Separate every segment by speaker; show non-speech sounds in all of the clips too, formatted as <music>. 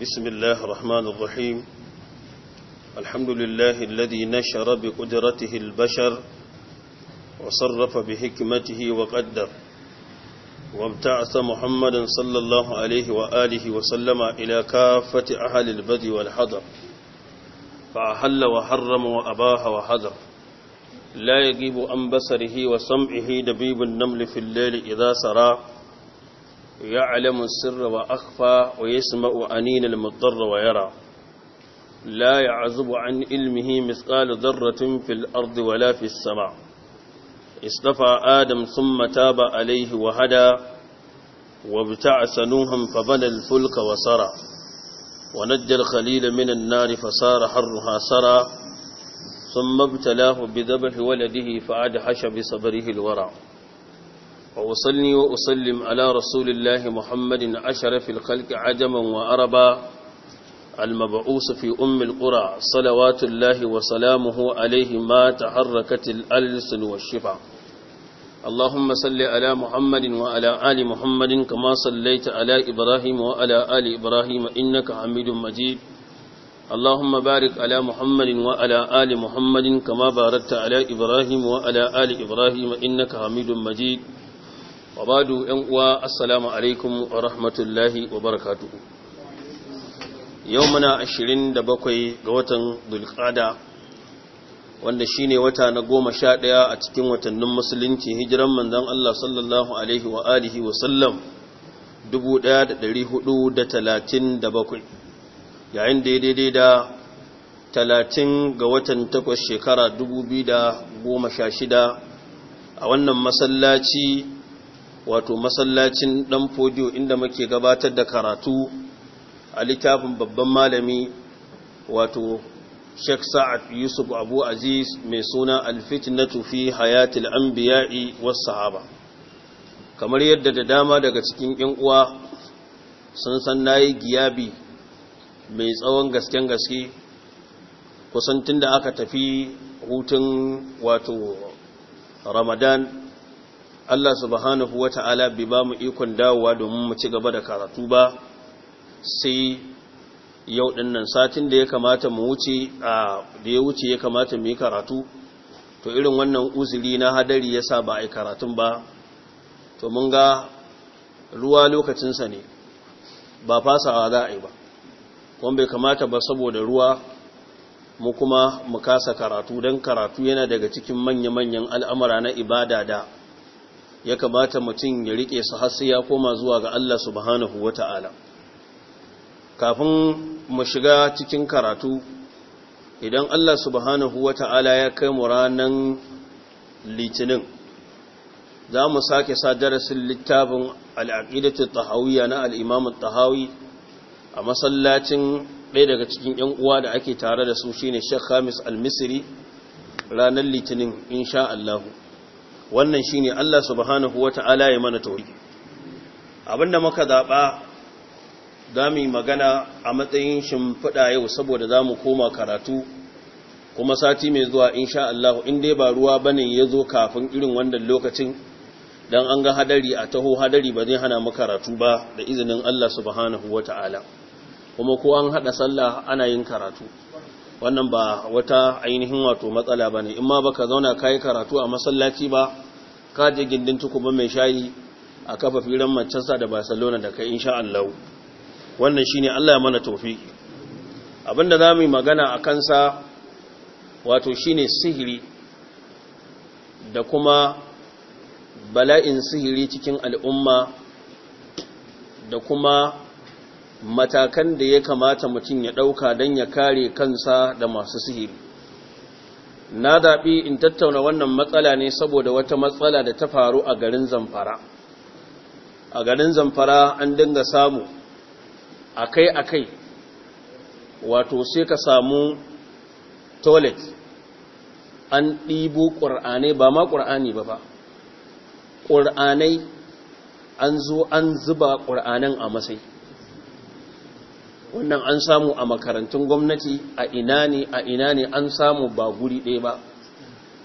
Speaker 1: بسم الله الرحمن الرحيم الحمد لله الذي نشر بقدرته البشر وصرف بحكمته وقدر وابتعث محمدا صلى الله عليه وآله وسلم إلى كافة أهل البدء والحضر فأحل وحرم وأباه وحذر لا يجيب عن بصره وسمعه دبيب النمل في الليل إذا سرى يعلم السر وأخفى ويسمع أنين المضطر ويرى لا يعزب عن علمه مثقال ذرة في الأرض ولا في السماء اصطفى آدم ثم تاب عليه وهدى وابتعث نوحا فبنى الفلك وسرى ونجى الخليل من النار فصار حرها سرى ثم ابتلاه بذبح ولده فأدحش بصبره الورع وأصلي وأسلم على رسول الله محمد أشرف الخلق عجما وأربا المبعوث في أم القرى صلوات الله وسلامه عليه ما تحركت الألسن والشفع اللهم صل على محمد وعلى آل محمد كما صليت على إبراهيم وعلى آل إبراهيم إنك حميد مجيد اللهم بارك على محمد وعلى آل محمد كما باركت على إبراهيم وعلى آل إبراهيم إنك حميد مجيد wabadu yan uwa assalamu alaikum wa rahmatullahi wa barakatu. yau muna 27 ga watan dulkada wanda shine wata na 11 a cikin watannin musulunci hijiran manzon Allah sallallahu alaihi wa alihi wa sallam 1437 yayin da daidai da 30 ga watan 8 shekara 2016 a wannan masallaci wato masallacin dan fodiyo inda muke gabatar da karatu a littafin babban malami wato Sheikh Sa'ad Yusuf Abu Aziz mai suna Al-Fitnatu fi Hayatil Anbiya'i was Sahaba kamar yadda da dama daga cikin ƴan uwa sun san nayi giyabi mai tsawon gasken gaske kusan tunda aka tafi hutun wato Ramadan Allah subhanahu wa ta'ala bi ba mu ikon dawowa domin mu ci gaba da karatu ba sai yau ɗinnan satin da ya kamata mu wuce da ya wuce ya kamata mu yi karatu to irin wannan uzuri na hadari ya sa ba a yi karatun ba to mun ga ruwa lokacinsa ne ba fasawa za a yi ba kuma bai kamata ba saboda ruwa mu kuma mu kasa karatu don karatu yana daga cikin manya-manyan al'amura na ibada da ya kamata mutum ya riƙe su har sai ya koma zuwa ga Allah subhanahu wa ta'ala kafin mu shiga cikin karatu idan Allah subhanahu wa ta'ala ya kai mu ranan litinin za mu sake sa darasin littafin al'aqidatu tahawiyya na al-imam tahawi a masallacin ɗaya daga cikin ‘yan uwa da ake tare da su shine Sheikh Khamis Al-Misri ranar Litinin insha Allahu wannan shi ne Allah subhanahu ta'ala ya mana ta'uri abinda muka mu yi magana a matsayin shimfiɗa yau saboda za mu koma karatu kuma sati mai zuwa insha Allah in dai ba ruwa ba ya zo kafin irin wannan lokacin don an ga hadari a taho hadari ba zai hana mu karatu ba da izinin Allah subhanahu ta'ala kuma ko an haɗa sallah ana yin karatu wannan ba wata ainihin wato matsala ba ne in ma ba ka zauna ka yi karatu a masallaci ba ka je gindin tukuba mai shayi a kafa firan manchester da barcelona da kai insha allahu wannan shine allah ya mana tofiki abinda za mu yi magana a kansa wato shine sihiri da kuma bala'in sihiri cikin al'umma da kuma matakan da ya kamata mutum ya ɗauka don ya kare kansa da masu sihiri na zaɓi in tattauna wannan matsala ne saboda wata matsala da ta faru a garin zamfara a garin zamfara an dinga samu akai-akai wato sai ka samu toilet an ɗibo ƙur'anai ba ma ƙur'ani ba ba ƙur'anai an zo an zuba ƙur'anan a matsayi wannan an samu a makarantun gwamnati a ina ne a ina ne an samu ba guri ɗaya ba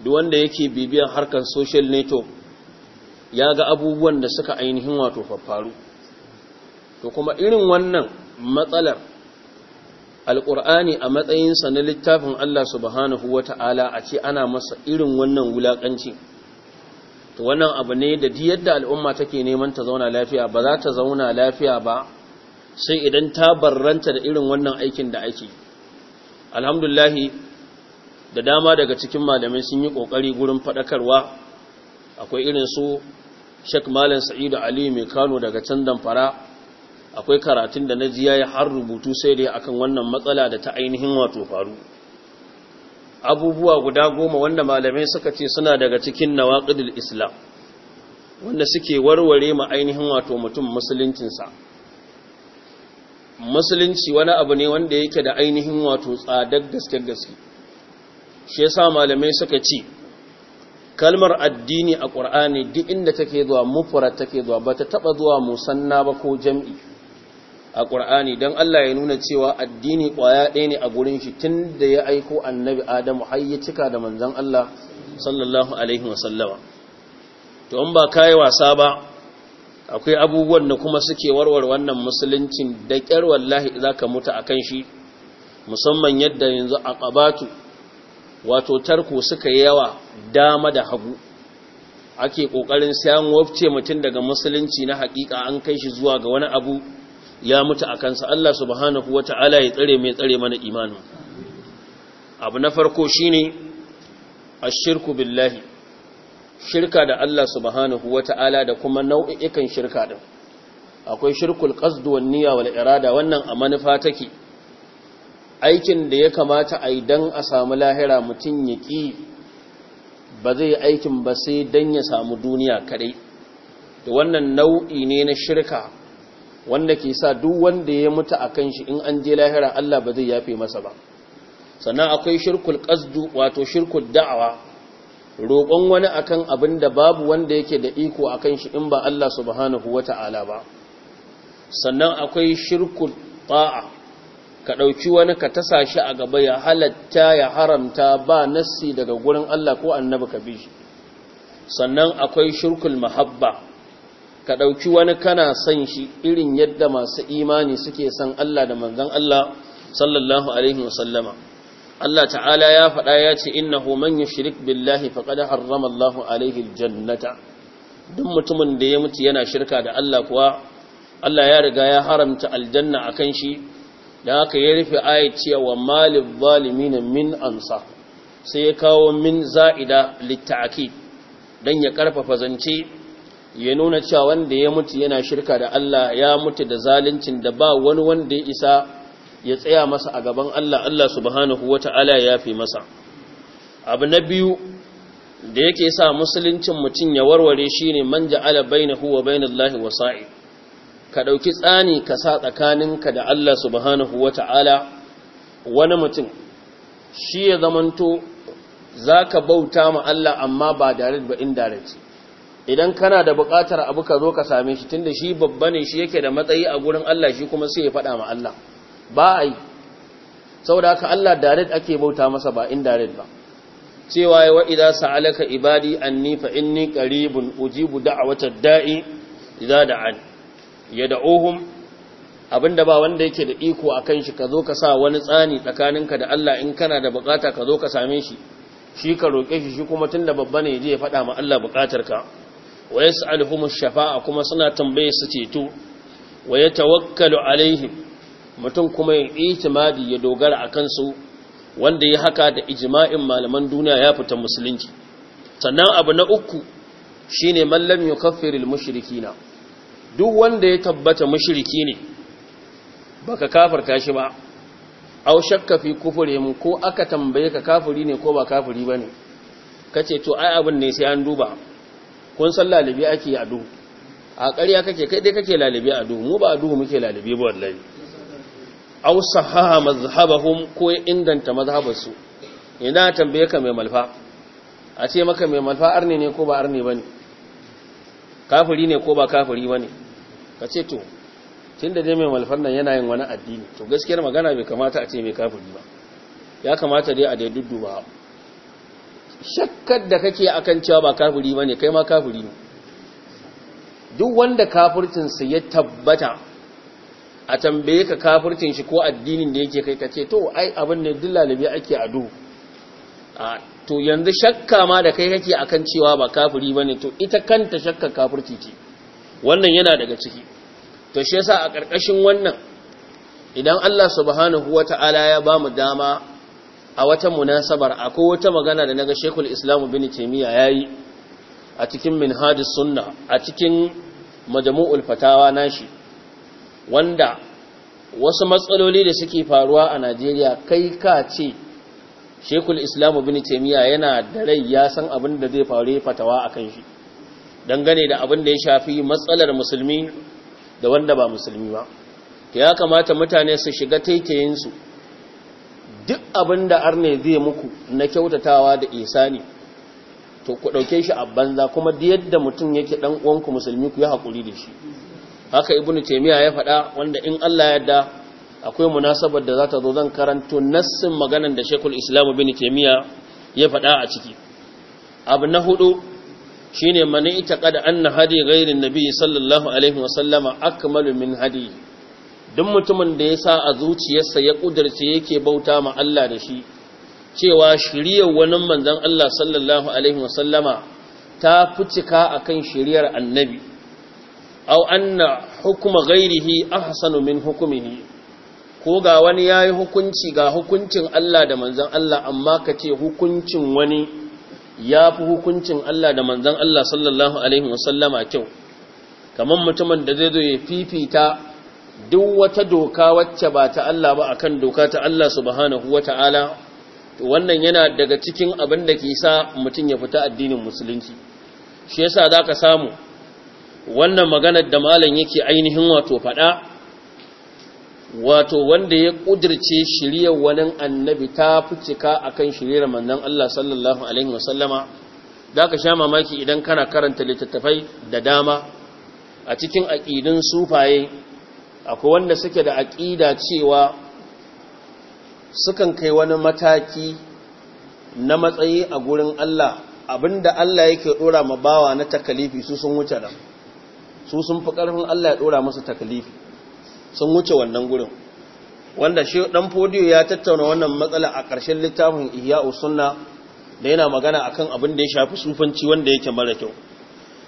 Speaker 1: duk wanda yake bibiyan harkar social network ya ga abubuwan da suka ainihin wato faffaru to kuma irin wannan matsalar alƙur'ani a matsayinsa na littafin Allah subhanahu Huwa ta'ala a ce ana masa irin wannan wulaƙanci to wannan abu ne da yadda al'umma take neman ta zauna lafiya ba za ta zauna lafiya ba sai idan ta barranta da irin wannan aikin da ake alhamdulahi da dama daga cikin malamai sun yi ƙoƙari gurin faɗakarwa, akwai irin su Sheikh Malam Sa'idu Ali mai Kano daga can Damfara akwai karatun da na naji yayi har rubutu sai dai akan wannan matsala da ta ainihin wato faru abubuwa guda goma wanda malamai suka ce suna daga cikin nawaqidul Islam wanda suke warware ma ainihin wato mutum musuluncinsa musulunci wani abu ne wanda yake da ainihin wato tsadar gaske gaske shi yasa malamai suka ce kalmar addini a ƙur'ani duk inda take zuwa mufura take zuwa bata taba zuwa musanna ba ko jam'i a ƙur'ani don Allah ya nuna cewa addini ƙwaya ɗaya ne a gurin shi tun da ya aiko annabi Adamu har ya cika da manzon Allah sallallahu alaihi wasallama to in ba kai wasa ba akwai abubuwan da kuma suke warware wannan musuluncin da ƙyar wallahi za ka mutu a kan shi musamman yadda yanzu a ƙabatu wato tarko suka yi yawa dama da hagu ake ƙoƙarin siyan wafce mutum daga musulunci na haƙiƙa an kai shi zuwa ga wani abu ya mutu a kansa Allah subhanahu wa ta'ala ya tsare mai tsare mana imanin abu na farko shine ashirku billahi shirka da Allah subhanahu wata'ala da kuma nau'ikan shirka din akwai shirkul qasdu wan niyya wal irada wannan a manufa take aikin da ya kamata a idan a samu lahira mutun ya ki ba zai aikin ba sai dan ya samu duniya kadai to wannan nau'i ne na shirka wanda ke sa duk wanda ya mutu akan shi in an je lahira Allah ba zai yafe masa ba sannan akwai shirkul qasdu, wato shirkul da'awa roƙon wani akan abin da babu wanda yake da iko akan shi in ba Allah subhanahu wata'ala ba sannan akwai shirkul ta'a ka ɗauki wani ka tasa shi a gaba ya halatta ya haramta ba nassi daga gurin Allah ko annabi ka bi shi sannan akwai shirkul mahabba ka ɗauki wani kana son shi irin yadda masu imani suke son Allah da manzon Allah sallallahu alaihi wasallama Allah ta'ala ya faɗa ya ce 'Inna man shirik billahi faqad harrama Allahu alaihi aljannata duk mutumin da ya mutu yana shirka da Allah kuwa Allah ya riga ya haramta aljanna akan shi da haka ya rufe ayat cewa malil na min amsa sai ya kawo min za'ida littaki dan ya karfafa zance ya nuna cewa wanda ya mutu yana shirka da Allah ya mutu da zaluncin da ba wani wanda ya isa ya tsaya masa a gaban Allah Allah subhanahu wata'ala ya fi masa abu na biyu da yake sa musuluncin mutum ya warware shi shine man ja'ala bainahu wa bainallahi wasa'i ka dauki tsani ka sa tsakaninka da Allah subhanahu wata'ala wani mutum shi ya zamanto zaka bauta ma Allah amma ba direct ba indirect idan kana da buƙatar abu ka zo ka same shi tunda shi babba ne shi yake da matsayi a gurin Allah shi kuma sai ya faɗa ma Allah ba a yi Sau da haka Allah darit ake bauta masa ba in darit ba cewa ya wa idan sa'alaka ibadi nifa in ni qaribun ujibu wata da'i idza da ohun. abinda ba wanda yake da iko a akan shi zo ka sa wani tsani tsakaninka da Allah in kana da bukata ka zo ka same shi shi ka roƙe shi shi kuma da babba ne je ya faɗa ma Allah bukatarka wa yasa alhumus shafaa kuma suna tambaye su ceto wa ya tawakkalu alaihim mutum kuma ya itimadi ya dogara a su wanda ya haka da ijma'in malaman duniya ya fita musulunci sannan abu na uku shine mallam yukaffiril mushrikina duk wanda ya tabbata mushriki ne baka kafarta shi ba aw shakka fi kufrihim ko aka tambaye ka kafiri ne ko ba kafiri bane kace to ai abin ne sai an duba kun san lalibi ake a duhu a ƙarya kake kai dai kake lalibi a duhu mu ba a duhu muke lalibi ba wallahi aw sahaha mazhabahum ko ya inganta mazhabarsu ina tambaye ka mai malfa a ce maka mai malfa arne ne ko ba arne bane kafiri ne ko ba kafiri bane ka ce to tunda dai mai malfan nan yana yin wani addini to gaskiyar magana bai kamata a ce mai kafiri ba ya kamata dai a dai dudduba shakkar da kake akan cewa ba kafiri bane kai ma kafiri ne duk wanda sa ya tabbata a tambaye ka kafircin shi ko addinin da yake kai ka ce to ai abin da duk lalabi ake a duhu to yanzu shakka ma da kai kake akan cewa ba kafiri bane to ita kanta shakka kafirci ce wannan yana daga ciki to shi yasa a karkashin wannan idan Allah subhanahu wata'ala ya bamu dama a wata munasabar akwai wata magana da naga Sheikhul Islam Ibn Taymiyyah yayi a cikin Minhajus Sunnah a cikin Majmu'ul Fatawa nashi wanda wasu matsaloli da suke faruwa a Najeriya kai ka ce Shekul Islam Ibn Taymiyyah yana da rai ya san abin da zai faru fatawa akan shi dangane da abin da ya shafi matsalar musulmi da wanda ba musulmi ba to ya kamata mutane su shiga taitayin su duk abin da arne zai muku na kyautatawa da isani to ku dauke shi a banza kuma yadda mutum yake dan uwanku musulmi ku yi hakuri da shi haka ibnu taymiya ya faɗa wanda in Allah ya yarda akwai munasabar da za ta zo zan karanto nassin maganan da Sheikhul Islam Ibn Taymiya ya faɗa a ciki abu na hudu shine mani itaqada anna hadi ghairin nabi sallallahu alaihi wasallama akmalu min hadi duk mutumin da ya sa a zuciyarsa ya kudirce yake bauta ma Allah da shi cewa shiriyar wani manzon Allah sallallahu alaihi wasallama ta fi cika akan shiriyar annabi aw anna hukuma ghairihi ahsanu min hukmihi ko ga wani yayi hukunci ga hukuncin Allah da manzon Allah amma kace hukuncin wani yafi hukuncin Allah da manzon Allah sallallahu alaihi wasallama kyau kaman mutumin da zai zo ya fifita duk wata doka wacce ba ta Allah ba akan doka ta Allah subhanahu wataala wannan yana daga cikin abin da ke sa mutum ya fita addinin musulunci shi yasa zaka samu wannan maganar da malam yake ainihin wato faɗa wato wanda ya kudirce shiriyar wani annabi ta fucika akan shiriyar manzon Allah sallallahu alaihi wasallama da ka sha mamaki idan kana karanta littattafai da dama a cikin aqidin sufaye akwai wanda suke da aƙida cewa sukan kai wani mataki na matsayi a gurin Allah abinda Allah yake ɗora ma bawa na takalifi su sun wuce nan su sun fi ƙarfin Allah ya ɗora masa takalifi sun wuce wannan gurin wanda shi ɗan fodiyo ya tattauna wannan matsala a ƙarshen littafin Iya-Usunna da yana magana akan abin da ya shafi sufanci wanda yake mara kyau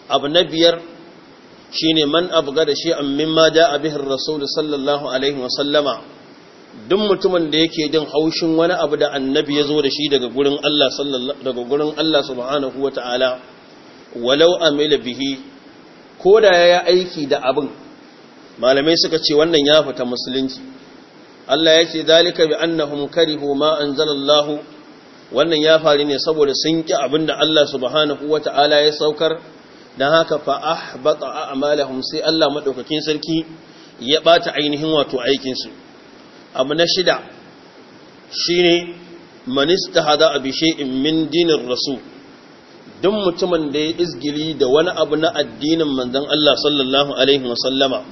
Speaker 1: abu na biyar shine man ga da shi an mimma da abihin rasul sallallahu alaihi wasallama duk mutumin da yake jin haushin wani abu da annabi ya zo da shi daga gurin Allah daga gurin Allah subhanahu ta'ala, walau amila bihi ko da ya aiki da abin malamai suka ce wannan ya fita musulunci Allah ya ce zalika bi annahum karihu ma anzalallahu wannan ya faru ne saboda sun ki abin da Allah subhanahu wata'ala ya saukar dan haka fa ahbata a'malahum sai Allah madaukakin sarki ya bata ainihin wato aikin su abu na shida shine man hada bi shay'in min dinir rasul duk mutumin da ya izgiri da wani abu na addinin manzon Allah sallallahu alaihi wasallama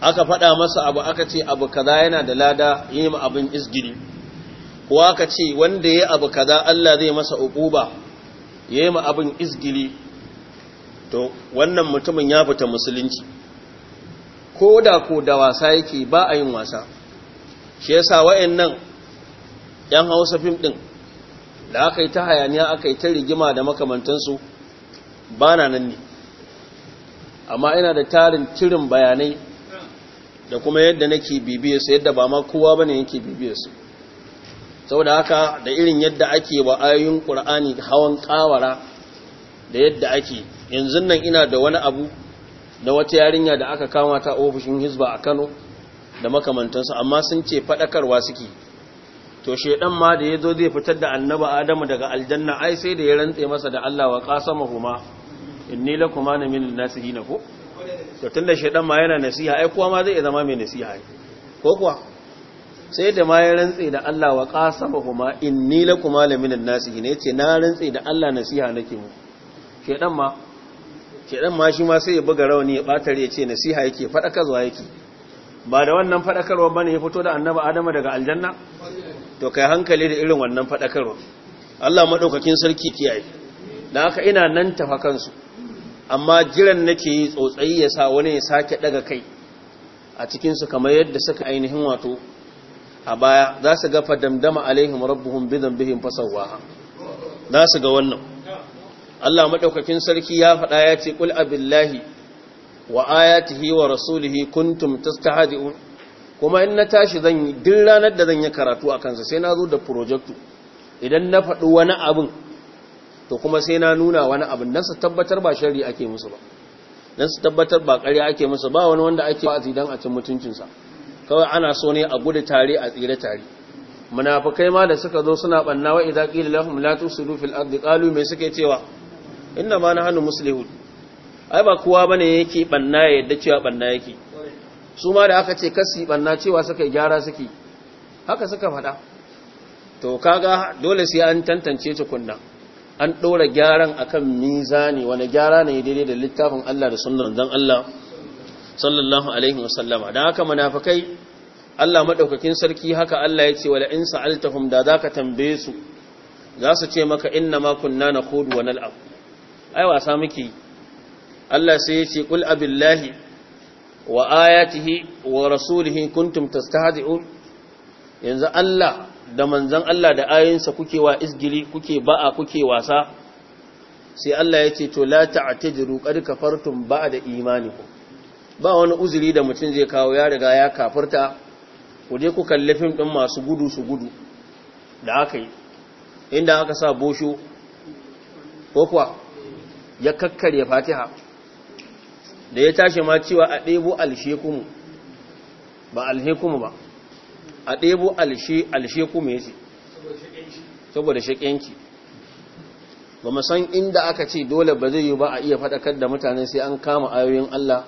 Speaker 1: aka faɗa masa abu aka ce abu kaza yana da lada yi ma abin izgili ko aka ce wanda ya abu kaza Allah zai masa uquba yi ma abin izgili to wannan mutumin ya fita musulunci ko da ko da wasa yake ba a yin wasa shi yasa wayannan yan Hausa fim ɗin. da aka yi ta hayaniya aka yi ta rigima da makamantansu ba na nan ne amma ina da tarin cirin bayanai da kuma yadda nake bibiyar su yadda ba ma kowa bane yake bibiyar su saboda haka da irin yadda ake wa ayoyin ƙur'ani hawan ƙawara da yadda ake yanzu nan ina da wani abu na wata yarinya da aka kama ta ofishin hisba a Kano da makamantansu amma sun ce faɗakarwa suke to shedan ma da yazo zai fitar da annabi adamu daga aljanna ai sai da ya rantse masa da Allah wa huma inni lakuma min nasihin ko to tunda shedan ma yana nasiha ai kowa ma zai iya zama mai nasiha ko kuwa sai da ma ya rantse da Allah wa huma inni lakuma min nasihin yace na rantse da Allah nasiha nake mu shedan ma shedan ma shi ma sai ya buga rauni ya batare ya ce nasiha yake fadakarwa yake ba da wannan fadakarwa bane ya fito da annabi adamu daga aljanna to kai hankali da irin wannan fadakarwa. Allah maɗaukakin sarki kiyaye da haka ina nan tafa kansu amma jiran nake yi tsotsayi ya sa wani ya sake ɗaga kai a cikinsu kamar yadda suka ainihin wato a baya za su ga fadamdama alaihim rabbuhum bidan bihim fasawaha za su ga wannan Allah maɗaukakin sarki ya faɗa ya ce kul abillahi wa ayatihi wa rasulihi kuntum tastahzi'un kuma in na tashi zan yi duk ranar da zan yi karatu a kansa sai na zo da projectu idan na faɗi wani abin to kuma sai na nuna wani abin don su tabbatar ba shari ake musu ba don su tabbatar ba ƙarya ake musu ba wani wanda ake wazi don a cin mutuncinsa kawai ana so ne a gudu tare a tsire tare munafukai ma da suka zo suna banna wa idza qila lahum la tusidu fil ardi qalu me suke cewa inna ma nahnu muslihun ai ba kowa bane yake banna ya yadda cewa banna yake su ma da aka ce kasi banna cewa suka yi gyara suke haka suka faɗa to kaga dole sai an tantance tukunna an ɗora gyaran akan mizani wani gyara ne daidai da littafin Allah da sunan dan Allah sallallahu alaihi wasallama dan haka munafikai Allah madaukakin sarki haka Allah ya ce wala insa altahum da zaka tambaye su za su ce maka inna ma kunna nakhudu wa nal'ab ai wasa muke Allah sai ya ce qul abillahi wa ayatihi wa rasulihi kuntum tastahzi'un yanzu Allah da manzon Allah da ayoyinsa kuke wa isgiri kuke ba'a kuke wasa sai Allah ya ce to la ta'tajiru qad kafartum ba'da imanikum ba wani uzuri da mutum zai kawo ya riga ya kafarta ku je ku kalli fim din masu gudu su gudu da aka yi inda aka sa bosho ko kuwa ya kakkarya fatiha da ya tashi ma cewa a ɗebo alshekumu ba alhekumu ba a ɗebo alshekumu ya ce saboda shaƙenki ba san inda aka ce dole ba zai yi ba a iya faɗakar da mutane sai an kama ayoyin Allah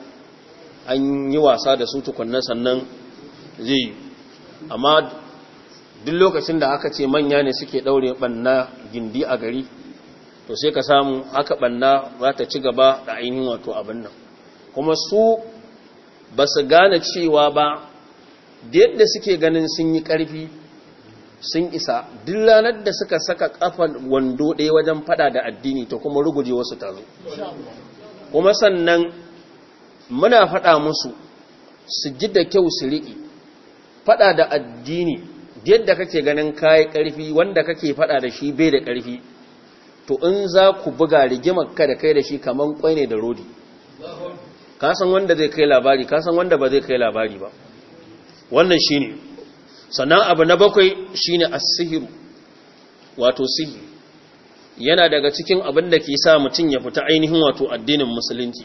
Speaker 1: an yi wasa da su tukunna sannan zai yi amma duk lokacin da aka ce manya ne suke ɗaure ɓanna gindi a gari to sai ka samu haka ɓanna za ta ci gaba da ainihin wato abin nan kuma su ba su gane cewa ba da yadda suke ganin sun yi ƙarfi sun isa dillanar da suka saka ƙafan wando ɗaya wajen fada da addini ta kuma ruguje wasu tazo kuma sannan muna fada musu su ji da kyau su riƙi fada da addini yadda kake ganin kayi ƙarfi wanda kake fada da shi bai da ƙarfi to in za ku buga rigimar ka da kai da shi kaman kwai ne da rodi ka san wanda zai kai labari ka san wanda ba zai kai labari ba wannan shine sannan abu na bakwai shine as-sihiru wato sihiru. yana daga cikin abin da ke sa mutum ya fita ainihin wato addinin musulunci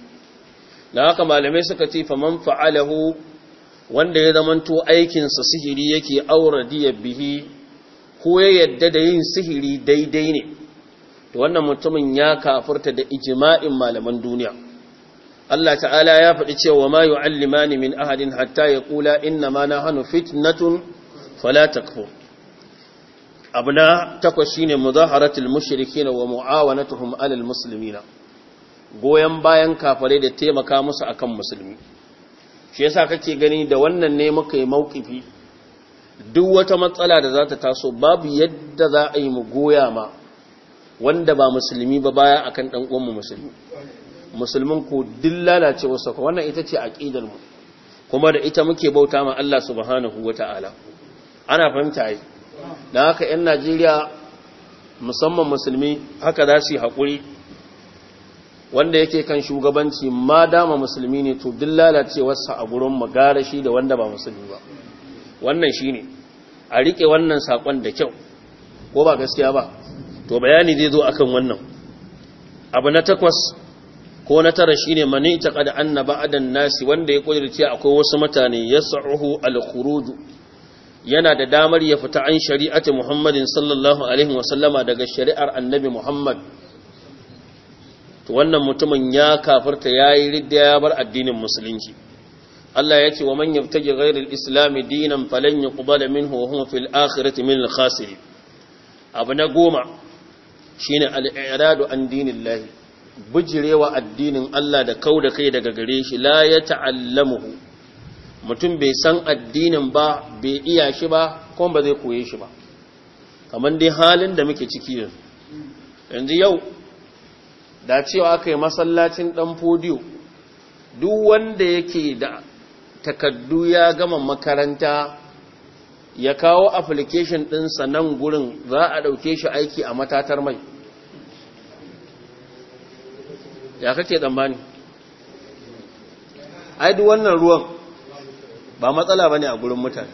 Speaker 1: da haka malamai suka ce fa man fa'alahu wanda ya zamanto aikinsa sihiri yake aura bihi ko ya yadda da yin sihiri daidai ne to wannan mutumin ya kafirta da ijma'in malaman duniya Allah ta'ala ya faɗi cewa ma yu'allimani min ahadin hatta ya kula inna ma hannu fitnatun fala takfur abu na takwas shine muzaharatul mushrikin wa mu'awanatuhum alal na goyen bayan kafare da taimaka musu akan musulmi shi yasa kake gani da wannan ne muka yi maukifi duk wata matsala da zata taso babu yadda za a yi mu goya ma wanda ba musulmi ba baya akan ɗan uwan mu musulmi musulmin ko duk lalacewa wannan ita ce aqidar mu kuma da ita muke bauta ma Allah subhanahu wata'ala ana fahimta yi dan haka yan Najeriya musamman musulmi haka za su yi hakuri wanda yake kan shugabanci ma dama musulmi ne to duk wasu a gurin magara shi da wanda ba musulmi ba wannan shine a riƙe wannan sakon da kyau ko ba gaskiya ba to bayani zai zo akan wannan abu na takwas ko na tara shine man itaqada anna ba'dan nasi wanda ya kudirce akwai wasu mutane yas'uhu al-khuruj yana da damar ya fita an shari'ati Muhammadin sallallahu alaihi wasallama daga shari'ar annabi Muhammad to wannan mutumin ya kafirta yi ridda ya bar addinin musulunci Allah ya ce wa man yabtaji ghayra al-islam dinan falan yuqbala minhu wa huwa fil akhirati min al-khasirin abu na goma shine al-i'radu an dinillahi bijirewa addinin Allah da kau da kai daga gare shi la ya ta'allamuhu mutum bai san addinin ba bai iya shi ba kuma ba zai koye shi ba kamar dai halin da muke ciki yanzu yanzu yau da cewa aka yi masallacin ɗan fodiyo duk wanda yake da takaddu ya gama makaranta ya kawo application ɗinsa nan gurin za a ɗauke shi aiki a matatar mai ya kake tsammani ai duk wannan ruwan ba matsala bane a gurin mutane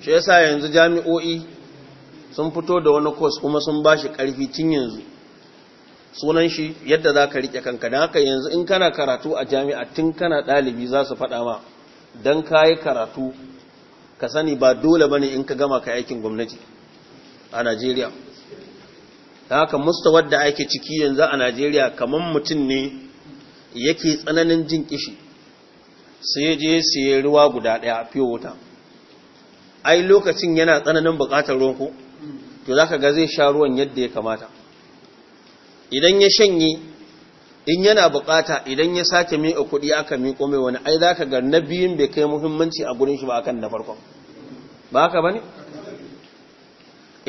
Speaker 1: shi yasa yanzu jami'o'i sun fito da wani course kuma sun ba shi karfi tun yanzu sunan shi yadda za ka riƙe kanka don haka yanzu in kana karatu a jami'a tun kana ɗalibi za su faɗa ma don ka yi karatu ka sani ba dole ba ne in ka gama ka aikin gwamnati a najeriya da haka mustawar da ake ciki yanzu a najeriya kamar mutum ne yake tsananin jin kishi sai je siye ruwa guda daya fiye wuta ai lokacin yana tsananin bukatar ruwan ko to zaka ga zai sha ruwan yadda ya kamata idan ya shanye in yana bukata idan ya sake miƙa kuɗi aka miƙo mai wani ai zaka ga na biyun bai kai muhimmanci a gurin shi ba akan na farko. ba haka bane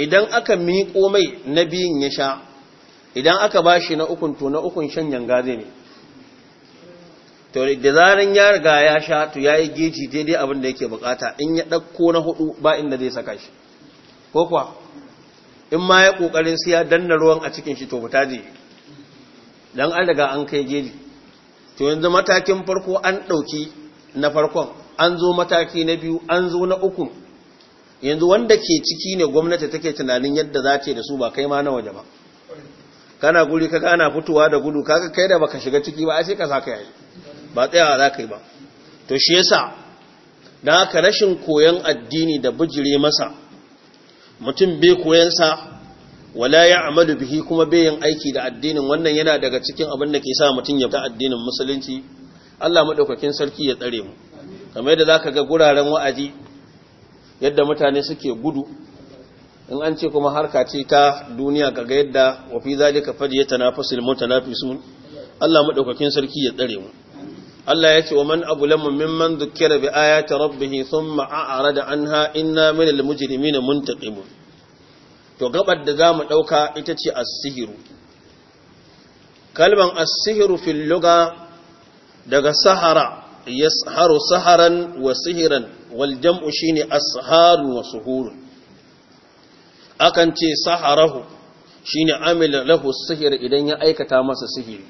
Speaker 1: idan aka miƙo mai na biyun ya sha idan aka ba shi na ukun to na ukun shan yanga zai ne to da zaran ya riga ya sha to ya yi geji daidai abin da yake bukata in ya ɗauko na hudu ba inda zai saka shi ko kuwa in ma ya ƙoƙarin siya danna ruwan a cikin shi to fita je don an riga an kai geji to yanzu matakin farko an ɗauki na farkon an zo mataki na biyu an zo na ukun yanzu wanda ke ciki ne gwamnati take tunanin yadda za yi da su ba kai ma na waje ba kana guri ka ana fitowa da gudu kaga kai da baka shiga ciki ba ai sai ka saka yayi ba tsayawa za ka yi ba to shi yasa da haka rashin koyon addini da bijire masa mutum bai koyon sa wala amalu bihi kuma bai yin aiki da addinin wannan yana daga cikin abin da ke sa mutum ya ta addinin musulunci Allah madaukakin sarki ya tsare mu kamar yadda zaka ga guraren wa'azi yadda mutane suke gudu in an ce kuma harka ce ta duniya ga yadda wa fi zalika falyatanafasul mutanafisun Allah madaukakin sarki ya tsare mu Allah ya ce wa man abulamu mimman dukkira bi ayati rabbih thumma a'rada anha inna minal mujrimina muntaqimun to gabar da zamu ɗauka ita ce as-sihru kalman as-sihru fil daga sahara yasharu saharan wa sihiran. wal jam'u shine asharu wa suhur akan ce saharahu shine amila lahu sihir idan ya aikata masa sihiri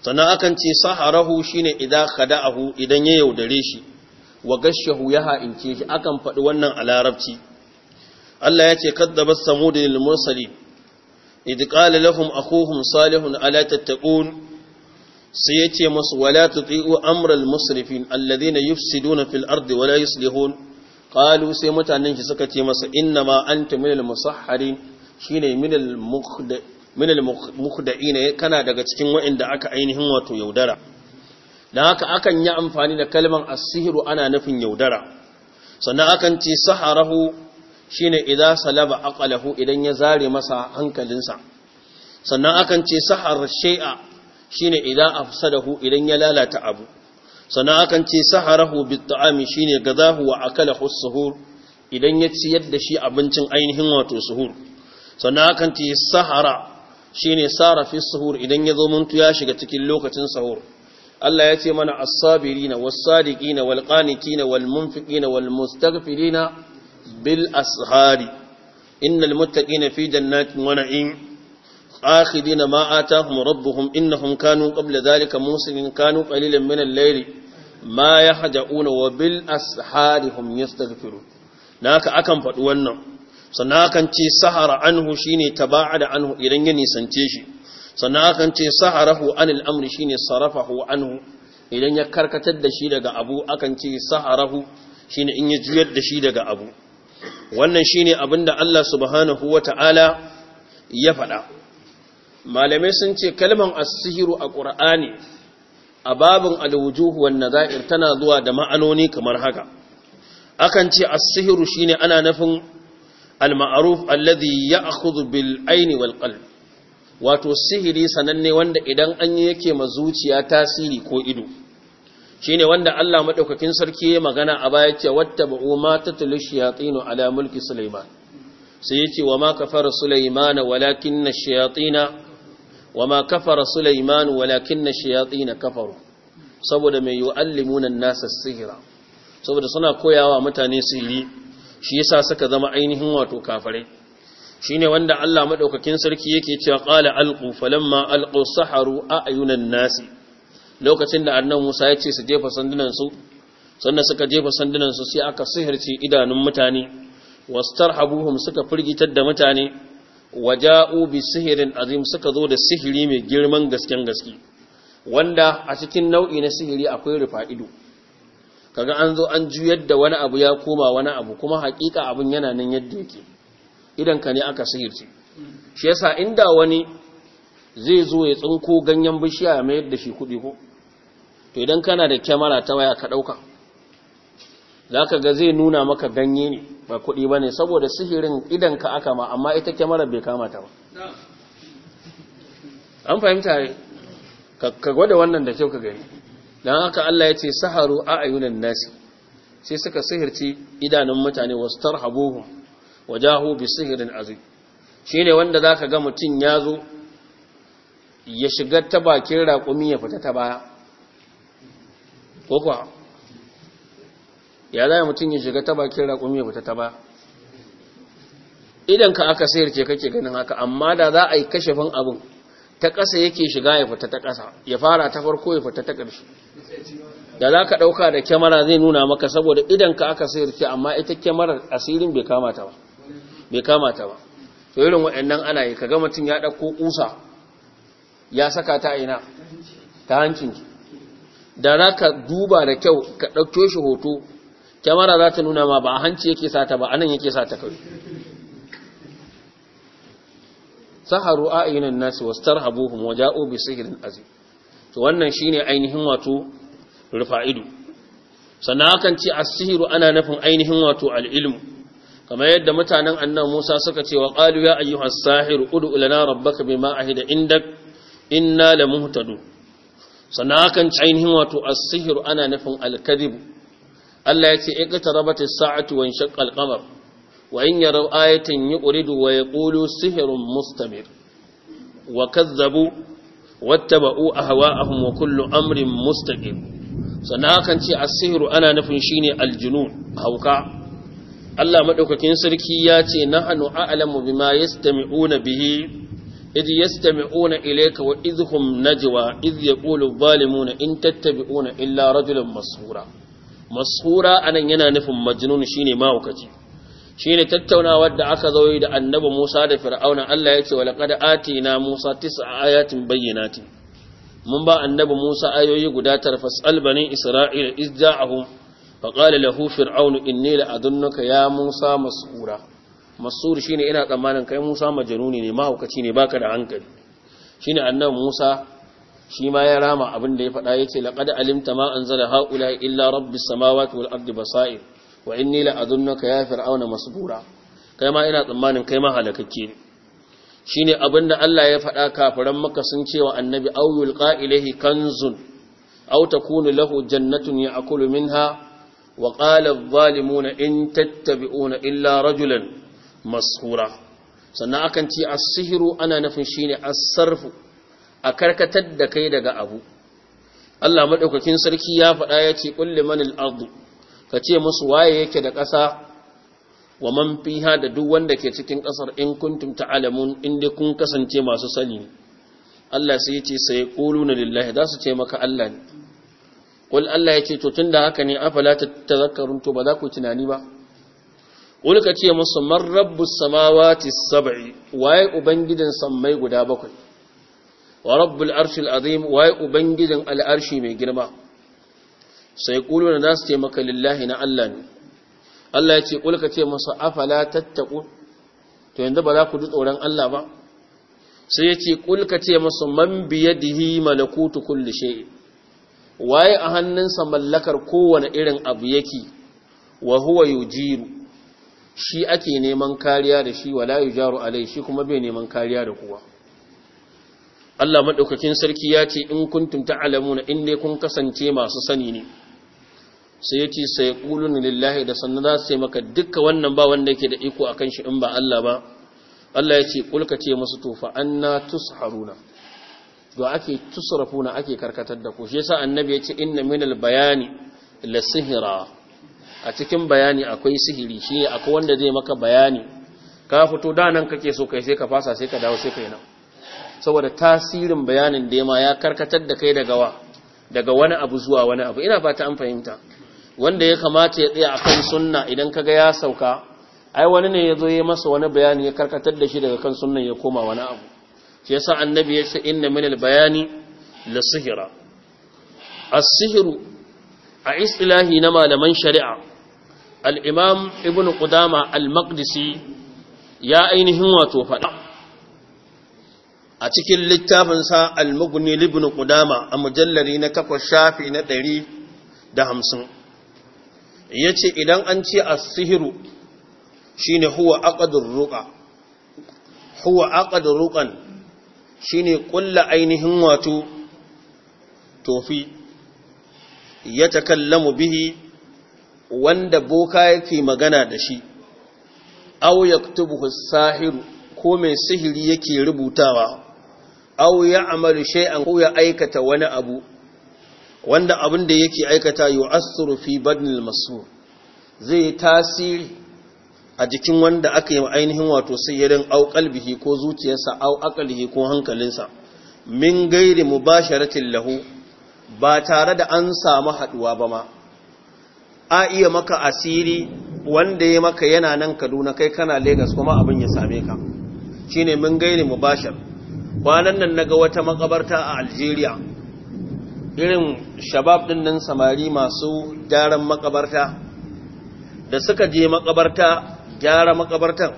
Speaker 1: sannan akan ce saharahu shine idan khada'ahu idan ya yaudare shi wa gashahu ya ha'ince shi akan faɗi wannan a larabci Allah ya ce kaddaba samud lil mursalin idh lahum akhuhum salihun ala tattaqun sai ya ce masu wala tuti'u amral musrifin alladhina yufsiduna fil ardi wala yuslihun qalu sai mutanen shi suka ce masa inna ma anta minal musahharin shine minal mukhda minal mukhda'ina kana daga cikin wa'inda aka ainihin wato yaudara dan haka akan yi amfani da kalman asihiru ana nufin yaudara sannan akan ce saharahu shine idan salaba aqalahu idan ya zare masa hankalinsa sannan akan ce sahar shay'a shine idan afsadahu idan ya lalata abu sannan akan ce saharahu bitta'ami shine gadahu wa akalahu suhur idan ya ciyar da shi abincin ainihin wato suhur sannan akan ce sahara shine sara suhur idan ya zo muntu ya shiga cikin lokacin suhur Allah ya ce mana as-sabirina was-sadiqina wal-qanitina wal-munfiqina wal-mustaghfirina bil ashari innal muttaqina fi jannatin wa na'im akhidina ma atahum rabbuhum innahum kanu qabla dhalika muslimin kanu qalilan min al-layli ma yahja'una wa bil asharihum yastaghfirun naka akan faɗi wannan sannan akan ce sahara anhu shine da anhu idan ya nisance shi sannan akan ce saharahu anil amri shine sarafahu anhu idan ya karkatar da shi daga abu akan ce saharahu shine in ya juyar da shi daga abu wannan shine abinda Allah subhanahu wata'ala ya faɗa malamai sun ce kalman asihiru a ƙura'ani a babin alwujuhu wanda za'ir tana zuwa da ma'anoni kamar haka akan ce asihiru shine ana nufin al-ma'ruf alladhi ya'khudhu bil aini wal qalb wato sihiri sananne wanda idan an yi yake zuciya tasiri ko ido shine wanda Allah madaukakin sarki ya magana a baya ce wattaba'u ma tatlu shayatin ala mulki sulaiman sai yace wa ma kafara sulaiman walakinna shayatin wa ma kafara Sulaiman walakinna shayatin kafaru saboda mai yu'allimuna nasa sihira saboda suna koyawa mutane sihiri shi yasa suka zama ainihin wato kafare shine wanda Allah madaukakin sarki yake cewa qala alqu falamma alqu saharu ayunan nasi lokacin da annabi Musa ya ce su jefa sandunan su sannan suka jefa sandunan su sai aka sihirci idanun mutane wastarhabuhum suka firgitar da mutane waja'u bi sihirin azim suka zo da sihiri mai girman gasken gaske wanda a cikin nau'i na sihiri akwai rufa ido kaga an zo an juyar da wani abu ya koma wani abu kuma hakika abin yana nan yadda yake idan ka ne aka sihirce shi yasa inda wani zai zo ya tsinko ganyen bishiya mai yadda shi kuɗi ko to idan kana da kyamara ta waya ka ɗauka za ka ga zai nuna maka ganye ne ba kuɗi ba ne saboda sihirin idan ka aka ma amma ita kyamarar bai kamata ba an fahimta ne ka gwada wannan da kyau ka gani don haka Allah ya ce saharu a ayunan nasi sai suka sihirci idanun mutane wasu tarhabuhu wajahu bi sihirin azim shi ne wanda za ka ga mutum ya zo ya shiga ta bakin raƙumi ya fita ta baya ko kuwa ya za mutum ya shiga ta raƙumi ya ta ba idan ka aka sayar ce kake ganin haka amma da za a yi kashe kashefin abin ta ƙasa yake shiga ya fita ta ƙasa ya fara ta farko ya fita ta ƙarshe da za ka ɗauka da kyamara zai nuna maka saboda idan ka aka sayar ce amma ita kyamarar asirin bai kamata ba ba to irin waɗannan ana yi kaga mutum ya ɗauko ƙusa ya saka ta ina ta hancin da za ka duba da kyau ka ɗauko shi hoto kyamara za ta nuna ma ba a hanci yake sata ba anan yake sata kawai saharu a'yunan wasu wastarhabuhum waja'u bi sihrin azim to wannan shine ainihin wato rufa'idu sannan akan ce a sihiru ana nufin ainihin wato al'ilmu. kamar yadda mutanen annan Musa suka ce wa qalu ya ayyuhas sahiru ud'u lana rabbaka bima ahida indak inna lamuhtadun sannan akan ce ainihin wato asihiru sihiru ana nufin al Allah ya ce iqtarabat ta saatu wa inshaqqa al-qamar wa in yaraw ayatan yuqridu wa yaqulu sihrun mustamir wa kazzabu wattaba'u ahwa'ahum wa kullu amrin mustaqim sannan kan ce as-sihru ana nufin shine al-junun hauka Allah madaukakin sarki ya ce nahnu a'lamu bima yastami'una bihi إذ يستمعون إليك وإذ هم نجوى in يقول الظالمون إن تتبعون إلا رجلا masura. mashura anan yana nufin majnun shine mahaukaci shine tattaunawar da aka zo da annabi Musa da Fir'auna Allah ya ce wa laqad atina Musa tis'a ayatin bayyinati mun ba annabi Musa ayoyi guda fas'al bani Isra'ila izja'ahum fa qala lahu fir'aunu inni adunnuka ya Musa mas'ura mas'ur shine ina tsammanin kai Musa majnuni ne mahaukaci ne baka da hankali shine annabi Musa shi ma ya rama abin da ya faɗa ya ce laƙada alimta ma an zala haƙula illa rabbi samawati wal ardi basair wa inni la adunnaka ya fir'auna masbura kai ma ina tsammanin kai ma halakakke shine abin da Allah ya faɗa kafiran maka sun ce wa annabi aw yulqa ilayhi kanzun aw takunu lahu jannatun ya'kulu minha wa qala adh-dhalimuna in tattabi'una illa rajulan mashura sannan akan ci as-sihru ana nufin shine as-sarfu a karkatar da kai daga abu Allah madaukakin sarki ya faɗa ya ce kulli manil ardu ka ce musu waye yake da ƙasa wa man fiha da duk wanda ke cikin ƙasar in kuntum ta'lamun in dai kun kasance masu sani Allah sai ya ce sai quluna lillahi za su ce maka Allah ne qul Allah ya ce to tunda haka ne afala tatazakkarun to ba za ku tunani ba qul ka ce musu man rabbus samawati sab'i waye ubangidan sammai guda bakwai wa rabbul arshil azim waye ubangijin al'arshi mai girma sai kulu za su taimaka lillahi na Allah ne Allah ya ce kulka ce masa afala tattaku to yanzu ba za ku ji tsoron Allah ba sai ya ce kulka ce masa man biyadihi malakutu kulli shay waye a hannunsa mallakar kowane irin abu yake wa huwa yujiru shi ake neman kariya da shi wala yujaru alai shi kuma bai neman kariya da kowa Allah madaukakin sarki ya ce in kuntum ta'lamuna in kun kasance masu sani ne sai yace sai qulun lillahi da sannan za su maka dukkan wannan ba wanda yake da iko akan shi in ba Allah ba Allah yace ce kulka ce musu to fa anna tusharuna to ake tusrafuna ake karkatar da ku shi yasa annabi ya inna minal bayani la sihra a cikin bayani akwai sihiri shi akwai wanda zai maka bayani ka fito da nan kake so kai sai ka fasa sai ka dawo sai kai nan saboda tasirin bayanin da ma ya karkatar da kai daga wa daga wani abu zuwa wani abu ina fata an fahimta wanda ya kamata ya tsaya akan sunna idan kaga ya sauka ai wani ne yazo yayi masa wani bayani ya karkatar da shi daga kan sunnan ya koma wani abu shi yasa annabi ya ce inna minal bayani la sihira as-sihru a istilahi na malaman shari'a al-imam ibnu qudama al-maqdisi ya ainihin wato fada a cikin littafinsa al-mughni ibn qudama a mujallari na takwas shafi na 150 yace idan an ce as-sihru shine huwa aqdur ruqa huwa aqdur ruqan shine ƙulla ainihin wato tofi ya mu bihi wanda boka yake magana da shi aw yaktubuhu as-sahiru ko mai sihiri yake rubutawa aw ya'malu shay'an ko ya aikata wani abu wanda abin da yake aikata yu'assiru fi badnil masur zai tasiri a jikin wanda aka yi ainihin wato sayyarin au qalbihi ko zuciyarsa au aqlihi ko hankalinsa min gairi mubasharatin lahu ba tare da an samu haduwa ba ma a iya maka asiri wanda ya maka yana nan Kaduna kai kana Legas kuma abin ya same ka shine min gairi mubashar kwanan nan naga wata makabarta a Algeria irin shabab din nan samari masu gyaran makabarta da suka je makabarta gyara makabartan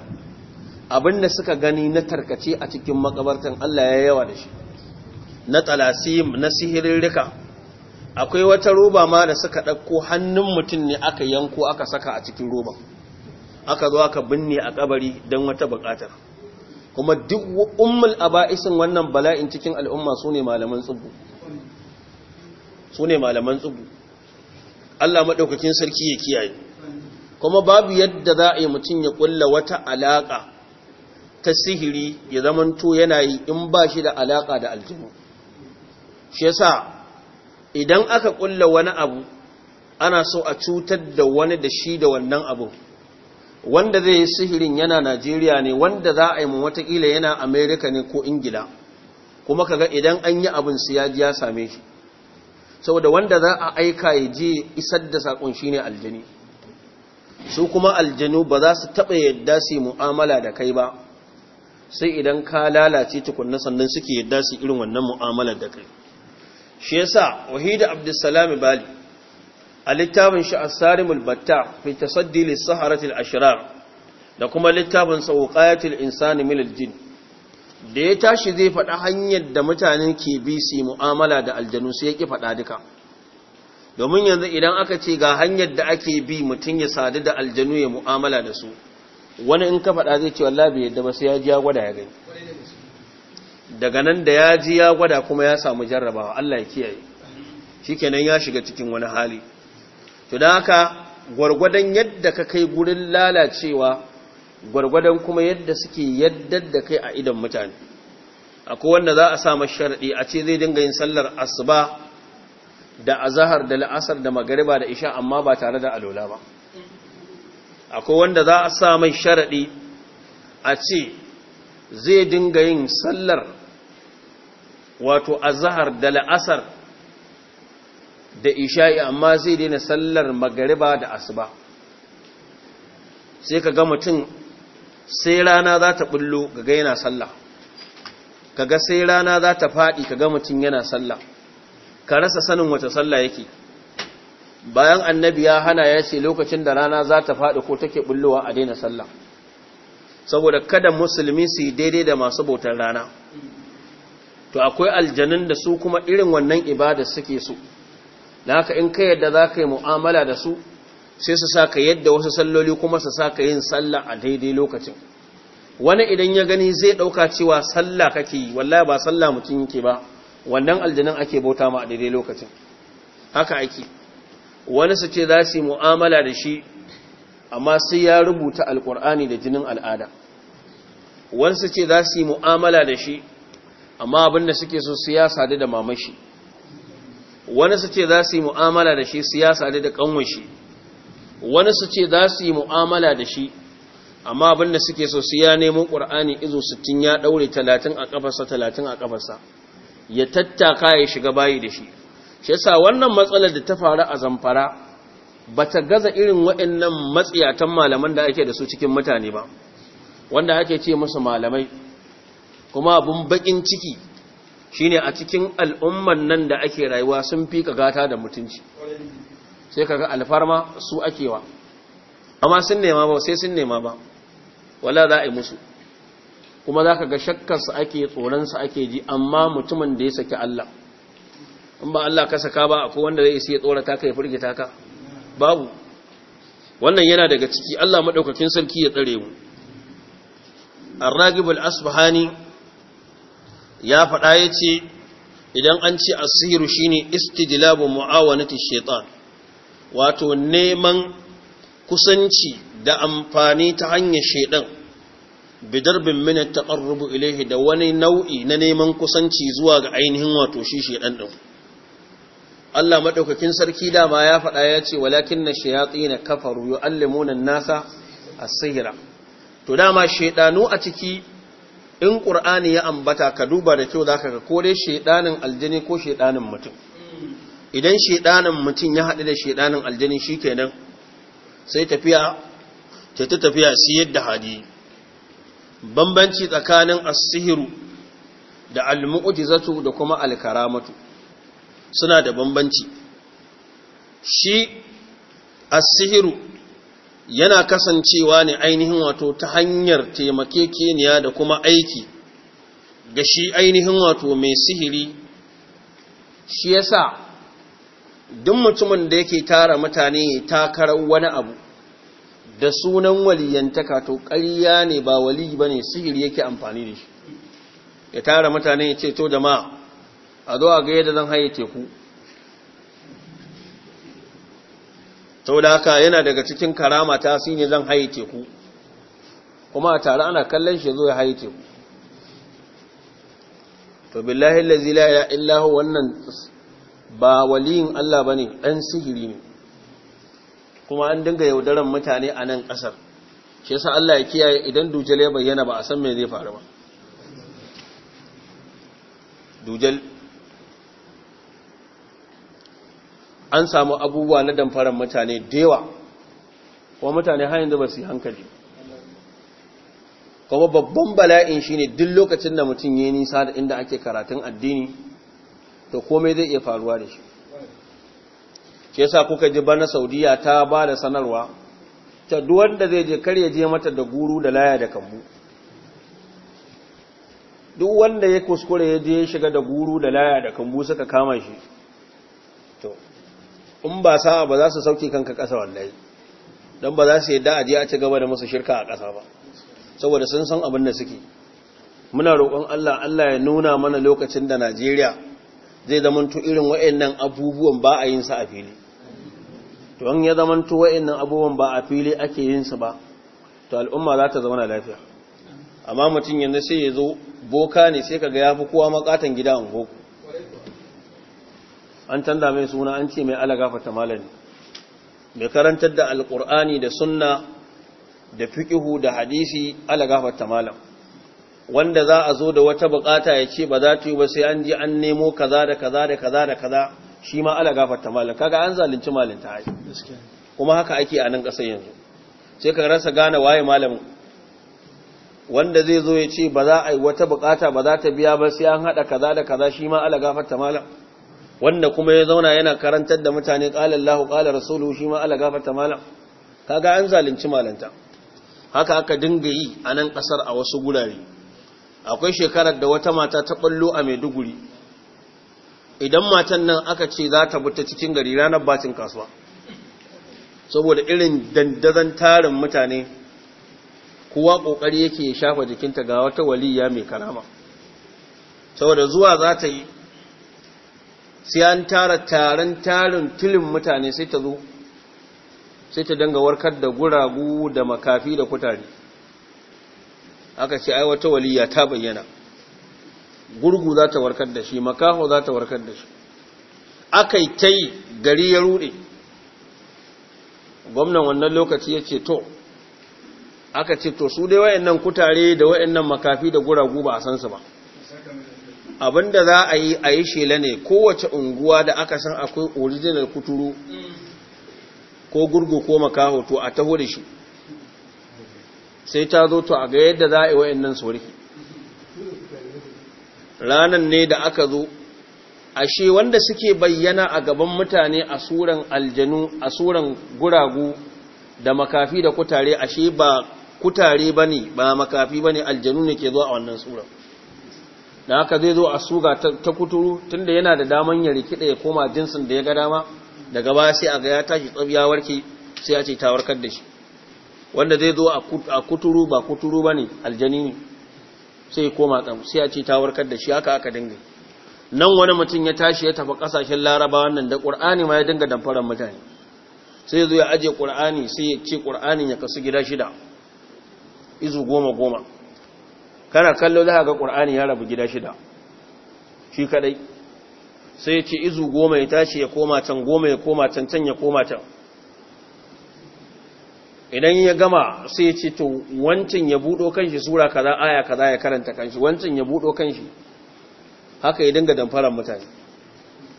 Speaker 1: abinda suka gani na tarkace a cikin makabartan Allah ya yawa da shi na talasim na sihirirrika akwai wata roba ma da suka ɗauko hannun mutum ne aka yanko aka saka a cikin roban aka zo aka binne a kabari don wata buƙatar kuma duk ummul aba'isin wannan bala'in cikin al'umma sune malaman tsubu sune malaman tsubu Allah madaukakin sarki ya kiyaye kuma babu yadda za a yi mutum ya ƙulla wata alaƙa ta sihiri ya zamanto yana yi in ba shi da alaƙa da aljihu shi yasa idan aka ƙulla wani abu ana so a cutar da wani da shi da wannan abu wanda zai yi sihirin yana najeriya ne wanda za a yi mun watakila yana amerika ne ko ingila kuma kaga idan an yi abin siyaji ya same shi saboda wanda za a aika ya je isar da sakon ne aljani su kuma aljanu ba za su taɓa yadda su mu'amala da kai ba sai idan ka lalace tukunna sannan suke yadda su irin wannan mu'amalar da kai shi yasa wahida abdussalam bali a littafin shi asarimul batta fi tasaddi lis saharatil ashram da kuma littafin sauqayatul insani min aljin da ya tashi zai faɗa hanyar da mutanen ke bi su mu'amala da aljanu sai ya ki faɗa duka domin yanzu idan aka ce ga hanyar da ake bi mutum ya sadu da aljanu ya mu'amala da su wani in ka faɗa zai ce wallahi bai yadda ba sai ya ji ya gwada ya gani daga nan da ya ji ya gwada kuma ya samu jarrabawa Allah ya kiyaye shikenan ya shiga cikin wani hali to da gwargwadon yadda ka kai gurin lalacewa gwargwadon kuma yadda suke yadda da kai a idan mutane akwai wanda za a sa sharaɗi a ce zai dinga yin sallar asuba da azahar da la'asar da magariba da isha amma ba tare da alola ba akwai wanda za a sa mai sharaɗi a ce zai dinga yin sallar wato azahar da la'asar da isha'i amma zai daina sallar magariba da asuba sai ka ga mutum sai rana za ta bullo ga yana sallah ka ga sai rana za ta faɗi ka ga mutum yana sallah ka rasa sanin wata sallah yake bayan annabi ya hana ya ce lokacin da rana za ta faɗi ko take bullowa a daina sallah saboda kada musulmi su yi daidai da masu bautar rana to akwai aljanun da su kuma irin wannan ibada suke so Da haka in ka yadda za ka yi mu'amala da su sai su sa ka yadda wasu salloli kuma su sa ka yin sallah a daidai lokacin wani idan ya gani zai ɗauka cewa sallah kake yi wallahi ba sallah mutum yake ba wannan aljanin ake bauta ma a daidai lokacin haka ake wani su ce za su yi mu'amala da shi amma sai ya rubuta alkur'ani da jinin al'ada wani su ce za su yi mu'amala da shi amma abin da suke so su ya sadu da mamashi wani su ce za su yi mu'amala da shi siyasa ne da kanwa shi wani su ce za su yi mu'amala da shi amma abin da suke so su ya nemo ƙur'ani izo 60 ya ɗaure talatin a ƙafarsa talatin a ƙafarsa ya tattaka ya shiga bayi da shi shi yasa wannan matsalar da ta faru a zamfara ba ta gaza irin waɗannan matsiyatan malaman da ake da su cikin mutane ba wanda ake ce musu malamai kuma abin baƙin ciki shine a cikin al'umman nan da ake rayuwa sun fi gata da mutunci sai kaga alfarma su akewa amma sun nema ba sai sun nema ba wala za a yi musu kuma za ka ga shakkarsa ake tsoronsa ake ji amma mutumin da ya saki Allah in ba Allah ka saka ba akwai wanda zai isi ya tsorata ka ya firgita ka babu wannan yana daga ciki Allah maɗaukakin sarki ya tsare mu الراغب الأصبحاني ya faɗa ya ce idan an ce asiru ne istidilabu mu'awanati shaitan wato neman kusanci da amfani ta hanyar shaidan bidarbin min at ilaihi ilaihi da wani nau'i na neman kusanci zuwa ga ainihin wato shi shaidan ɗin Allah maɗaukakin sarki dama ya faɗa ya ce walakin na na kafaru yi allimunan nasa a sihira to dama shaidanu a ciki in ƙur'ani ya ambata ka duba da kyau zaka ga ko dai shedanin aljini ko shedanin mutum idan shedanin mutum ya haɗu da shedanin aljini shikenan sai tafiya ta ta tafiya siyar da hadi bambanci tsakanin asihiru da almu'jizatu da kuma alkaramatu suna da bambanci shi asihiru yana kasancewa ne ainihin wato ta hanyar taimakekeniya da kuma aiki ga shi ainihin wato mai sihiri shi yasa duk mutumin da yake tara mutane takarar wani abu da sunan waliyantaka to ƙarya ne ba wali ba ne sihiri yake amfani da shi ya tara mutane ya ce to da a zo a ga yadda zan haye teku saboda haka yana daga cikin karama ta ne zan haye teku kuma a tare ana kallon shi zo ya haye teku to billahi allazi la ilaha wannan ba waliyin Allah ba ne dan sihiri ne kuma an dinga yaudaran mutane a nan ƙasar shi yasa Allah ya kiyaye idan dujal ya bayyana ba a san me zai faru ba dujal an samu abubuwa na damfaran mutane dewa kuma mutane hanyar da ba su hankali kuma babban bala'in shine duk lokacin da mutum ya nisa da inda ake karatun addini to komai zai iya faruwa da shi Ke sa kuka ji bana saudiya ta ba da sanarwa ta duwanda zai je kar ya je mata da guru da laya da kambu duk wanda ya kuskure ya je shiga da guru da laya da kambu suka kama shi in ba sa ba za su sauke kanka ƙasa wallahi don ba za su yi da'adi a ci gaba da musu shirka a ƙasa ba saboda sun san abin da suke muna roƙon Allah Allah ya nuna mana lokacin da Najeriya zai zamanto irin wa'annan abubuwan ba a yin sa a fili to an ya zamanto wa'annan abubuwan ba a fili ake yin su ba to al'umma za ta zauna lafiya amma mutum yanzu sai ya zo boka ne sai ka kaga fi kowa makatan gida a an canza mai suna an ce mai alagafa ta malami mai karantar da alkur'ani da sunna da fikihu da hadisi alagafa ta malam wanda za a zo da wata bukata ya ce ba za ta yi ba sai an ji an nemo kaza da kaza da kaza da kaza shi ma alagafa ta malam kaga an zalunci malin ta haji kuma haka ake a nan ƙasar yanzu sai ka rasa gane waye malamin wanda zai zo ya ce ba za a yi wata bukata ba za ta biya ba sai an haɗa kaza da kaza shi ma alagafa ta malam wanda kuma ya zauna yana karantar da mutane qala lahu qala rasulu shi ma ala gafarta malam kaga an zalunci malanta haka aka dinga yi a nan ƙasar a wasu gurare akwai shekarar da wata mata ta ɓallo a Maiduguri idan matan nan aka ce za ta bi cikin gari ranar batin kasuwa saboda irin dandazon tarin mutane kowa ƙoƙari yake ya shafa jikinta ga wata waliya mai karama saboda zuwa za ta yi sai an tara taron tarin tilin mutane sai ta zo sai ta danga warkar da guragu da makafi da kutare aka ce ai wata waliya ta bayyana gurgu za ta warkar da shi makaho za ta warkar da shi aka yi ta yi gari ya rude gwamnan wannan lokaci ya ce to aka ce to su dai nan kutare da nan makafi da guragu ba a san su ba da za a yi a yi shela ne kowace unguwa da aka san akwai original kuturu ko gurgu ko makaho to a taho da shi sai ta zo to a ga yadda za a yi nan sauriki Ranar ne da aka zo ashe wanda suke bayyana a gaban mutane a tsoron aljanu a tsoron guragu da makafi da kutare ashe ba kutare ba ne, ba makafi ba ne, aljanu ne ke zuwa a wannan tsoron da haka zai zo a suga ta kuturu tunda yana da daman ya rikida ya koma jinsin da ya ga dama daga baya sai a ga ya tashi ya warke sai a ce ta warkar da shi wanda zai zo a kuturu ba kuturu bane aljani ne sai ya koma tsam sai a ce ta warkar da shi haka aka dinga nan wani mutum ya tashi ya tafi kasashen laraba wannan da qur'ani ma ya dinga damfaran mutane sai zo ya aje qur'ani sai ya ce qur'anin ya kasu gida shida izu goma goma kana kallo za ga ƙur'ani ya rabu gida shida shi kadai sai ya ce izu goma ya tashi ya koma can goma ya koma can can ya koma can idan ya gama sai ya ce to wancin ya buɗo kanshi sura kaza aya kaza ya karanta kanshi wancin ya buɗo kanshi haka ya dinga damfaran mutane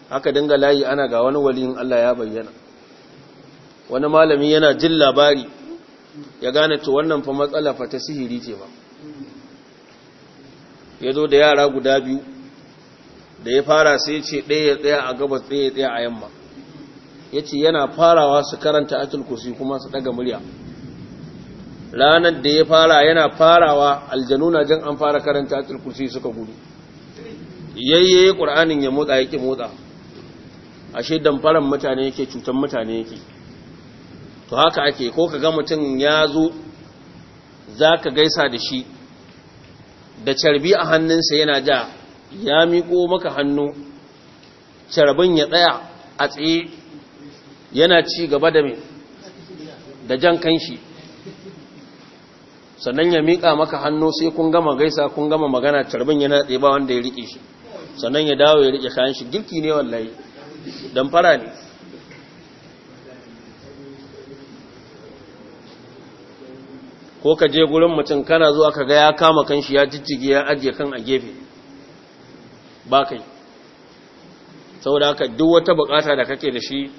Speaker 1: haka dinga layi ana ga wani waliyin Allah ya bayyana wani malami yana jin labari ya gane to wannan fa matsala fa ta sihiri ce ba ya zo da yara guda biyu da ya fara sai ce ɗaya ya tsaya a gabas ɗaya ya tsaya a yamma ya ce yana farawa su karanta atul kursi kuma su ɗaga murya ranar da ya fara yana farawa aljanuna jan an fara karanta atul kursi suka gudu yayye ƙur'anin ya motsa ya ƙi motsa ashe damfaran mutane yake cutar mutane yake to haka ake ko ka ga mutum ya zo za ka gaisa da shi da carbi a hannunsa yana ja ya miko maka hannu carbin ya tsaya a tsaye yana ci gaba da mai da jan kanshi sannan ya miƙa maka hannu sai kun gama gaisa kun gama magana carbin yana tsaye ba wanda ya riƙe shi sannan ya dawo ya riƙe kayan shi girki ne wallahi don fara ne ko ka je gurin mutum kana zuwa ka ga ya kama kanshi ya jijjige ya ajiye kan a gefe ba kai saboda haka duk wata bukata da kake da shi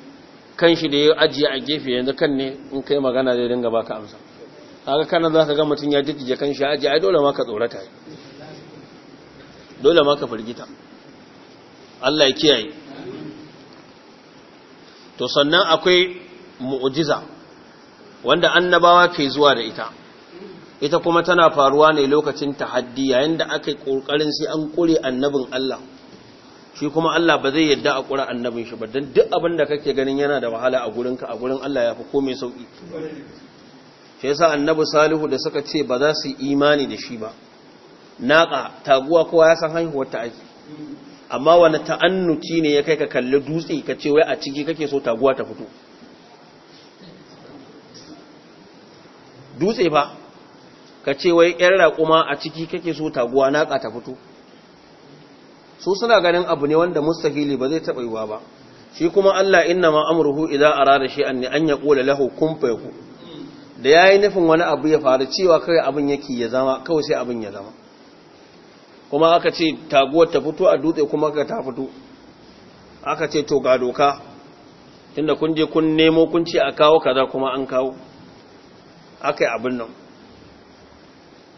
Speaker 1: kanshi da ya ajiye a gefe yanzu kan ne in kai magana zai dinga baka amsa haka kana za ka ga mutum ya jijjige kanshi ya ajiye ai dole ma ka tsorata dole ma ka firgita Allah ya kiyaye to sannan akwai mu'ujiza wanda annabawa ke zuwa da ita ita kuma tana faruwa ne lokacin tahaddi yayin da aka yi ƙoƙarin sai an ƙure annabin Allah shi kuma Allah ba zai yadda a kura annabin shi ba don duk abin da kake ganin yana da wahala a gurin ka a gurin Allah ya fi komai sauƙi shi yasa annabi salihu da suka ce ba za su yi imani da shi ba naƙa taguwa kowa ya san haihuwar ta aiki amma wani ta'annuci ne ya kai ka kalli dutse ka ce wai a ciki kake so taguwa ta fito dutse ba ka ce wai ƴar raƙuma a ciki kake so taguwa naka ta fito su suna ganin abu ne wanda mustahili ba zai taɓa yiwa ba shi kuma Allah inna ma amruhu idza arada an ne an yaqula lahu kun fayakun da yayi nufin wani abu ya faru cewa kai abin yake ya zama kawai sai abin ya zama kuma aka ce taguwar ta fito a dutse kuma ka ta fito aka ce to ga doka tunda kun je kun nemo kun ce a kawo kaza kuma an kawo akai abin nan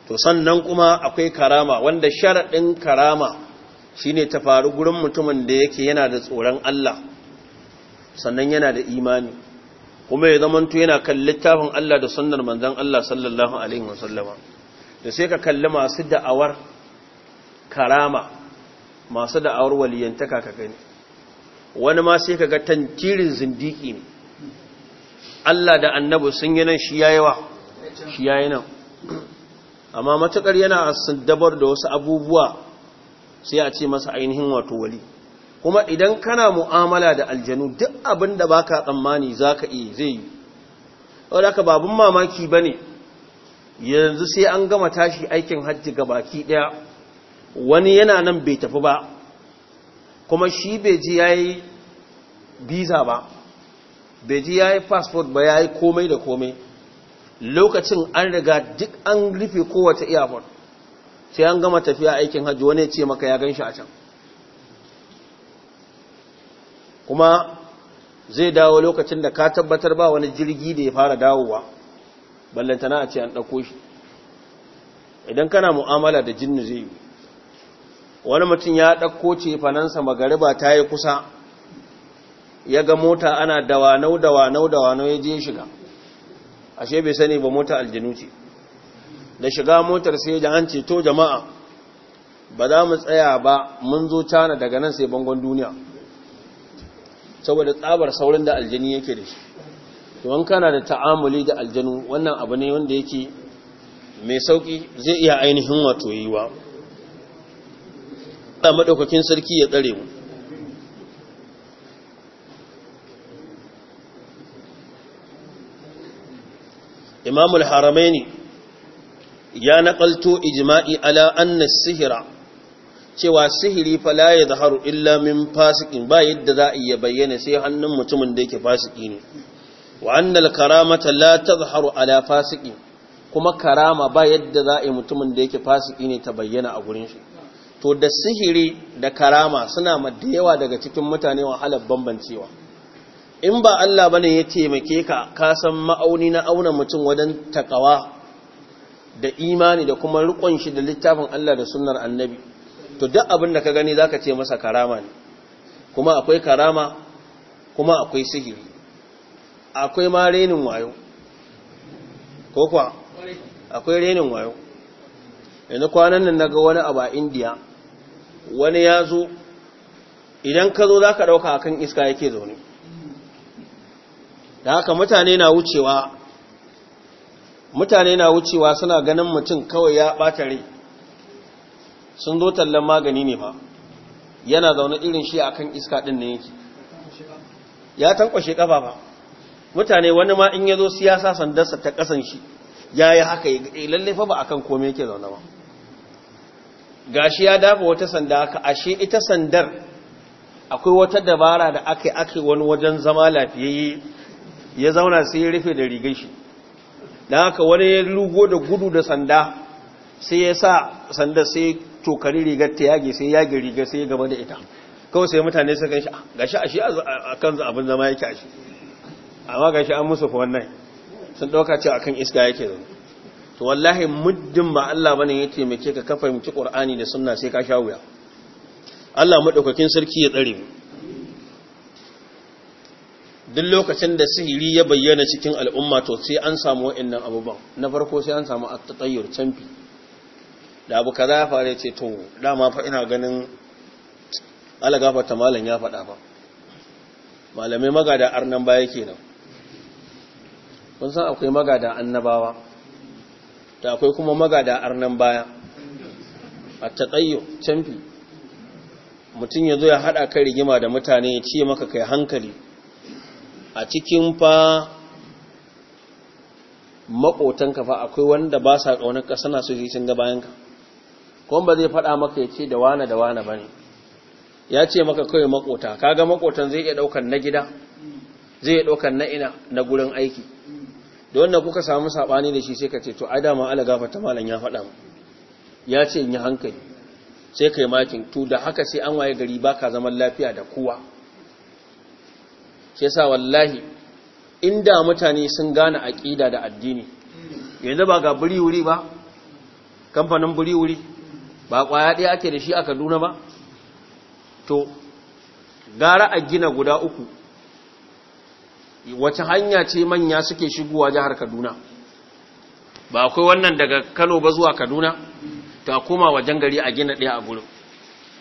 Speaker 1: to sannan kuma akwai karama wanda sharaɗin karama shine ta faru gurin mutumin da yake yana da tsoron Allah sannan yana da imani kuma ya zamanto yana kan littafin Allah da sunnar manzon Allah sallallahu alaihi wasallam da sai ka kalli masu da'awar karama masu da'awar waliyantaka ka gani wani ma sai ka ga tantirin zindiki ne Allah da annabi sun yi nan shi yayi wa shi yayi nan amma matakar yana dabar da wasu abubuwa sai a ce masa ainihin wato wali kuma idan kana mu'amala da aljanu duk abin da baka tsammani zaka iya zai yi wadda aka babun mamaki ba ne yanzu sai an gama tashi aikin hajji ga baki daya wani yana nan bai tafi ba kuma shi bai ji yi biza ba bai ji yi fasfot ba ya yi komai da komai lokacin an riga duk an rufe kowace airport sai an gama tafiya aikin hajji wani ce maka ya gan shi a can kuma zai dawo lokacin da ka tabbatar ba wani jirgi da ya fara dawowa ballantana a ce an ɗauko shi idan kana mu'amala da jinnu zai yi wani mutum ya ɗauko ce fanansa magariba ta yi kusa ya ga mota ana dawanau dawanau dawanau ya je shiga ashe bai sani ba mota aljanu ce da shiga motar sai da an ceto jama'a ba za mu tsaya ba mun zo cana daga nan sai bangon duniya saboda tsabar saurin da aljanu yake da shi to wanka kana da ta'amuli da aljanu wannan abu ne wanda yake mai sauki zai iya ainihin wato wa, da madaukakin sarki ya tsare mu imamul ne ya naƙalto ijma'i ala anna sihira cewa sihiri fa la ya zaharu illa min fasikin ba yadda za a iya bayyana sai hannun mutumin da yake fasiki ne wa annal karamata la ala fasiki kuma karama ba yadda za a yi mutumin da yake fasiki ne ta bayyana a gurin shi to da sihiri da karama suna da yawa daga cikin mutane wahalar bambancewa in ba Allah bane ya taimake ka ka san ma'auni na auna mutum wajen takawa da imani da kuma rikon shi da littafin Allah da sunnar annabi to duk abin da ka gani zaka ce masa karama ne kuma akwai karama kuma akwai sihiri akwai ma renin wayo ko kuwa akwai renin wayo yanzu kwanan nan naga wani abu a indiya wani ya zo idan ka zo za ka ɗauka akan iska yake zaune da haka mutane na wucewa mutane na wucewa suna ganin mutum kawai ya bata rai sun zo tallan magani ne ba yana zaune irin shi akan iska din ne yake ya tankwashe ƙafa ba mutane wani ma in ya zo siyasa sandarsa ta kasan shi ya yi haka ya eh, lalle fa ba akan kome yake zaune ba gashi ya dafa wata sanda haka ashe ita sandar akwai wata dabara da aka yi wani wajen zama lafiyayye ya zauna sai ya rufe da rigar shi Da haka wani ya lugo da gudu da sanda sai ya sa sanda sai tokari rigar ta yage sai yage rigar sai ya gaba da ita kawai sai mutane suka ah, shi a shi a kan abin zama yake a shi amma gashi an musu wannan sun dauka a kan iska yake zan to wallahi muddin ba Allah bane ya taimake ka ka fahimci Qur'ani da Sunna sai ka sha wuya Allah madaukakin sarki ya tsare mu duk lokacin da sihiri ya bayyana cikin al'umma to sai an samu wa'annan abubuwan na farko sai an samu attatayyar canfi da abu kaza ya fara ce to dama fa ina ganin alagafa ta malam ya faɗa ba malamai magada arnan baya ke nan, kun san akwai magada annabawa da akwai kuma magada arnan baya a attatayyur canfi mutum ya zo ya haɗa kai rigima da mutane ya ce maka kai hankali a cikin fa maƙotanka fa akwai wanda ba sa ƙaunar ka sana su yi cin ga bayanka kuma ba zai faɗa maka ya ce da wane da wane ba ne ya ce maka kawai maƙota kaga maƙotan zai iya ɗaukar na gida zai iya ɗaukar na ina na gurin aiki da wannan kuka samu saɓani da shi sai ka ce to ai dama ala ta malam ya faɗa ya ce in yi hankali sai kai makin to da haka sai an waye gari baka zaman lafiya da kowa shi yasa wallahi inda mutane sun gane aƙida da addini yanzu ba ga buri wuri ba kamfanin buri wuri ba kwaya ɗaya ake da shi a kaduna ba to gara a gina guda uku wace hanya ce manya suke shigowa jihar kaduna ba akwai wannan daga kano ba zuwa kaduna ta koma wajen gari a gina ɗaya a gurin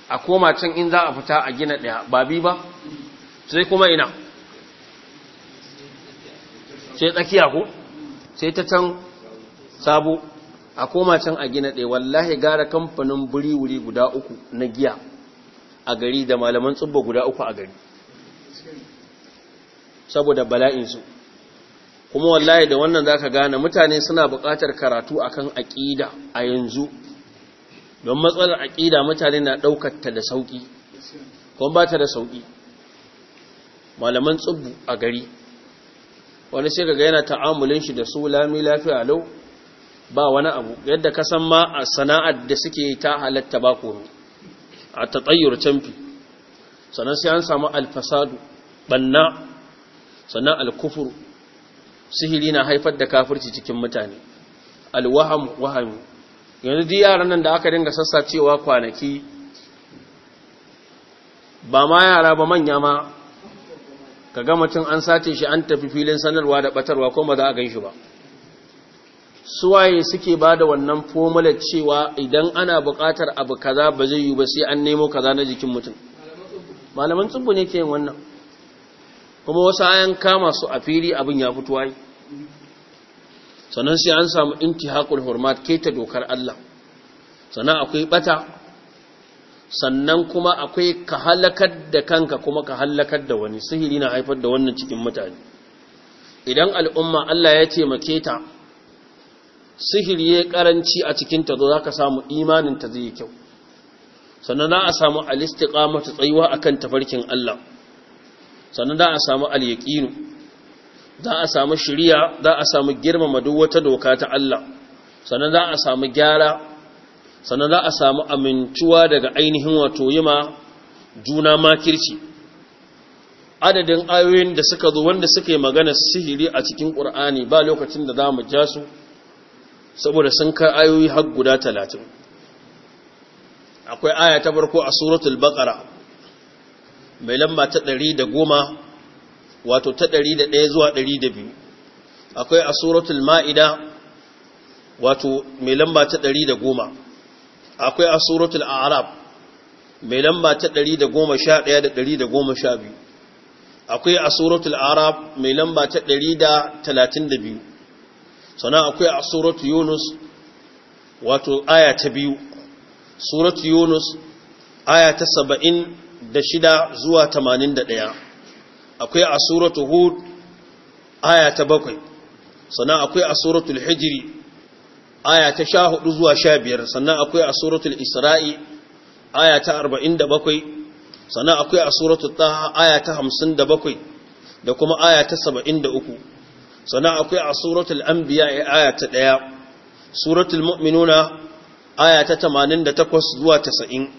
Speaker 1: a koma can in za a fita a gina ɗaya ba bi ba sai kuma ina sai tsakiya ko sai ta can sabo a koma can a gina ɗaya wallahi gara kamfanin buri wuri guda uku na giya a gari da malaman tsubba guda uku a gari saboda bala'insu kuma wallahi da wannan za ka gane mutane suna buƙatar karatu akan aƙida a yanzu don matsalar aƙida mutane na ɗaukar ta da sauƙi kuma ba ta da sauƙi malaman tsubbu a gari wani sai ga yana ta'amulin shi da su lami lafiya lau ba wani abu yadda ka san ma a sana'ar da suke ta halatta ba komi a tatayyur canfi sannan sai an samu alfasadu banna sannan alkufur sihiri na haifar da kafirci cikin mutane alwaham waham yanzu di yaran nan da aka dinga sassa cewa kwanaki ba ma yara ba manya ma ka gama mutum an sace shi an tafi filin sanarwa da batarwa ko ba za a ganshi shi ba waye suke ba da wannan formula cewa idan ana bukatar abu kaza ba zai yi ba sai an nemo kaza na jikin mutum malaman tsubu ne ke yin wannan kuma wasu ayan kama su a fili abin ya fito ai sannan sai an samu inti haƙul hurmat keta dokar Allah sannan akwai ɓata. sannan kuma akwai ka halakar da kanka kuma ka halakar da wani sihiri na haifar da wannan cikin mutane idan al'umma Allah ya ce make ta sihiri ya karanci a cikin ta za ka samu imanin ta zai kyau sannan za a samu ta tsayuwa akan tafarkin Allah sannan za a samu alyaqinu za a samu shiriya za a samu girmama duk wata doka ta Allah sannan za a samu gyara sannan za a samu amintuwa daga ainihin wato yima juna makirci adadin ayoyin da suka zo wanda suka yi magana sihiri a cikin ƙur'ani ba lokacin da za mu ja su saboda sun kai ayoyi har guda talatin akwai aya ta farko a suratul baqara mai lamba ta ɗari da goma wato ta ɗari da ɗaya zuwa ɗari da biyu akwai a suratul ma'ida wato mai lamba ta ɗari da goma akwai a suratul arab mai lamba ta 111 da 112 akwai a suratul arab mai lamba ta 132 sannan akwai a suratul yunus wato aya ta biyu suratul yunus aya ta 76 zuwa 81 akwai a suratul hud aya ta bakwai sannan akwai a suratul hijri aya ta sha hudu zuwa sha biyar sannan akwai a suratul isra'i aya ta arba'in da bakwai sannan akwai a suratul taha aya ta hamsin da bakwai da kuma aya ta saba'in da uku sannan akwai a suratul anbiya aya ta ɗaya suratul mu'minuna aya ta tamanin da takwas zuwa tasa'in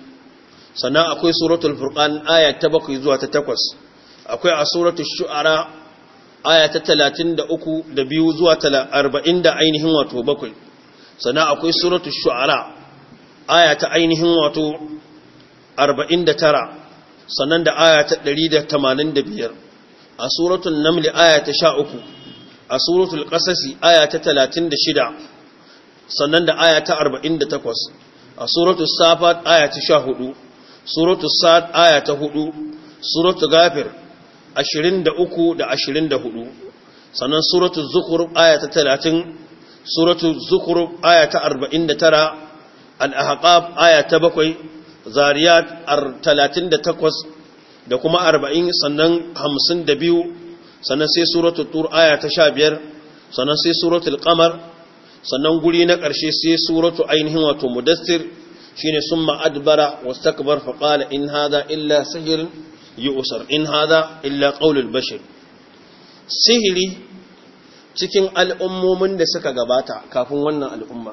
Speaker 1: sannan akwai suratul furqan aya ta bakwai zuwa ta takwas akwai a suratul shu'ara aya ta talatin da uku da biyu zuwa arba'in da ainihin wato bakwai sannan akwai suratu shu'ara aya ta ainihin wato 49 sannan da aya ta 185 a suratul namli aya ta 13 a suratul qasas aya ta 36 sannan da aya ta 48 a suratul safat aya ta 14 suratul sad aya ta 4 suratul ghafir 23 da 24 sannan suratul zukhruf aya ta suratu zukhruf aya ta 49 al-ahqaf aya ta 7 zariyat 38 da kuma 40 sannan 52 sannan sai suratul tur aya ta 15 sannan sai suratul qamar sannan guri na ƙarshe sai suratu ainihin wato mudassir shine summa adbara wastakbar faqala in hadha illa sihr yu'sar in hadha illa qawlul bashar sihiri cikin al'ummomin da suka gabata kafin wannan al'umma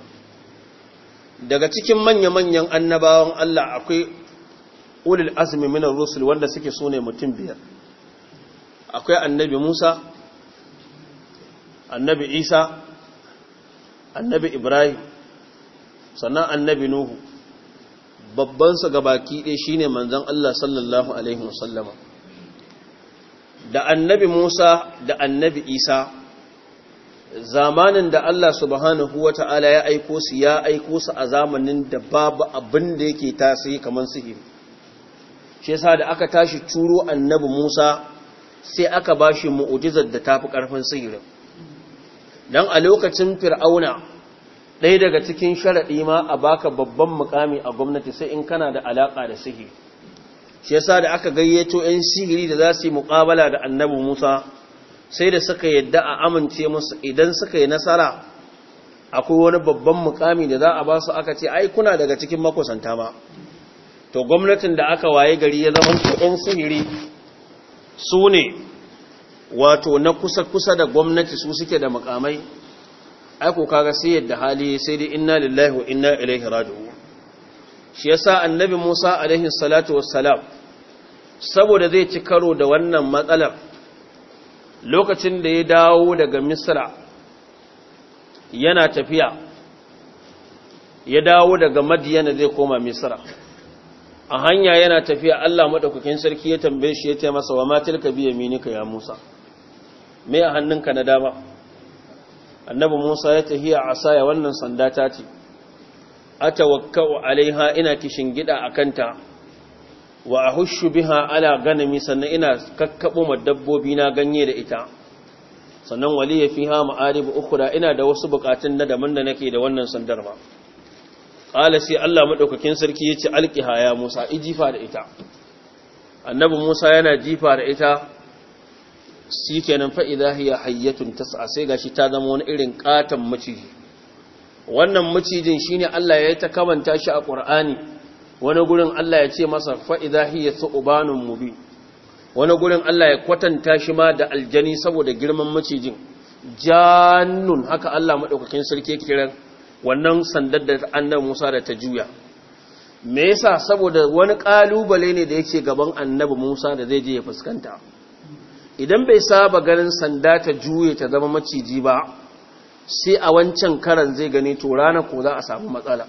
Speaker 1: daga cikin manya-manyan annabawan Allah akwai ulil azumi minar rusul wanda suke so ne mutum biyar akwai annabi Musa annabi Isa annabi Ibrahim sannan annabi Nuhu babbansa gabaki ɗaya shine manzan Allah sallallahu alaihi wasallama da annabi Musa da annabi Isa zamanin da Allah subhanahu wa ta'ala ya aiko su ya aiko su a zamanin da babu abin da yake tasiri kamar sihir. shi yasa da aka tashi turo annabi Musa sai aka bashi mu'ujizar da tafi ƙarfin sihirin dan a lokacin fir'auna ɗaya daga cikin sharaɗi ma a baka babban mukami a gwamnati sai in kana da alaƙa da sihir shi yasa da aka gayyato 'yan sihiri da za su yi muƙabala da annabi Musa sai da suka yadda a amince musu idan suka yi nasara akwai wani babban mukami da za a ba su aka ce ai kuna daga cikin makusanta ma to gwamnatin da aka waye gari ya zama yan sihiri su ne wato na kusa-kusa da gwamnati su suke da mukamai aiko kaga sai yadda hali sai dai inna lillahi wa inna ilaihi raji'u shi yasa annabi Musa alaihi salatu wassalam saboda zai ci karo da wannan matsalar lokacin da ya dawo daga misra yana tafiya ya dawo daga madiyana zai koma misra a hanya yana tafiya Allah maɗaukakin sarki ya tambaye shi ya ce masa wa ma biya minika ya Musa me a hannunka na dama annabi Musa ya tafiya asa ya wannan sanda ta ce atawakkau alaiha ina kishin gida a kanta. wa ahushu biha ala ganami sannan ina kakkabo ma dabbobi na ganye da ita sannan waliya fiha ma'arib ukhra ina da wasu bukatun na daban da nake da wannan sandar ma qala sai Allah madaukakin sarki yace alqiha ya Musa ijifa da ita annabi Musa yana jifa da ita sikenan fa idha hiya hayyatun tas'a sai gashi ta zama wani irin ƙaton maciji wannan macijin shine Allah ya ta kamanta shi a Qur'ani wani gurin Allah ya ce masa fa'iza hiya tsu'ubanin mubi wani gurin Allah ya kwatanta shi ma da aljani saboda girman macijin Janun haka Allah maɗaukakin sarki kiran wannan sandar da annabi Musa da ta juya me yasa saboda wani ƙalubale ne da yake gaban annabi Musa da zai je ya fuskanta idan bai saba ganin sanda ta juye ta zama maciji ba sai a wancan karan zai gani to rana ko za a samu matsala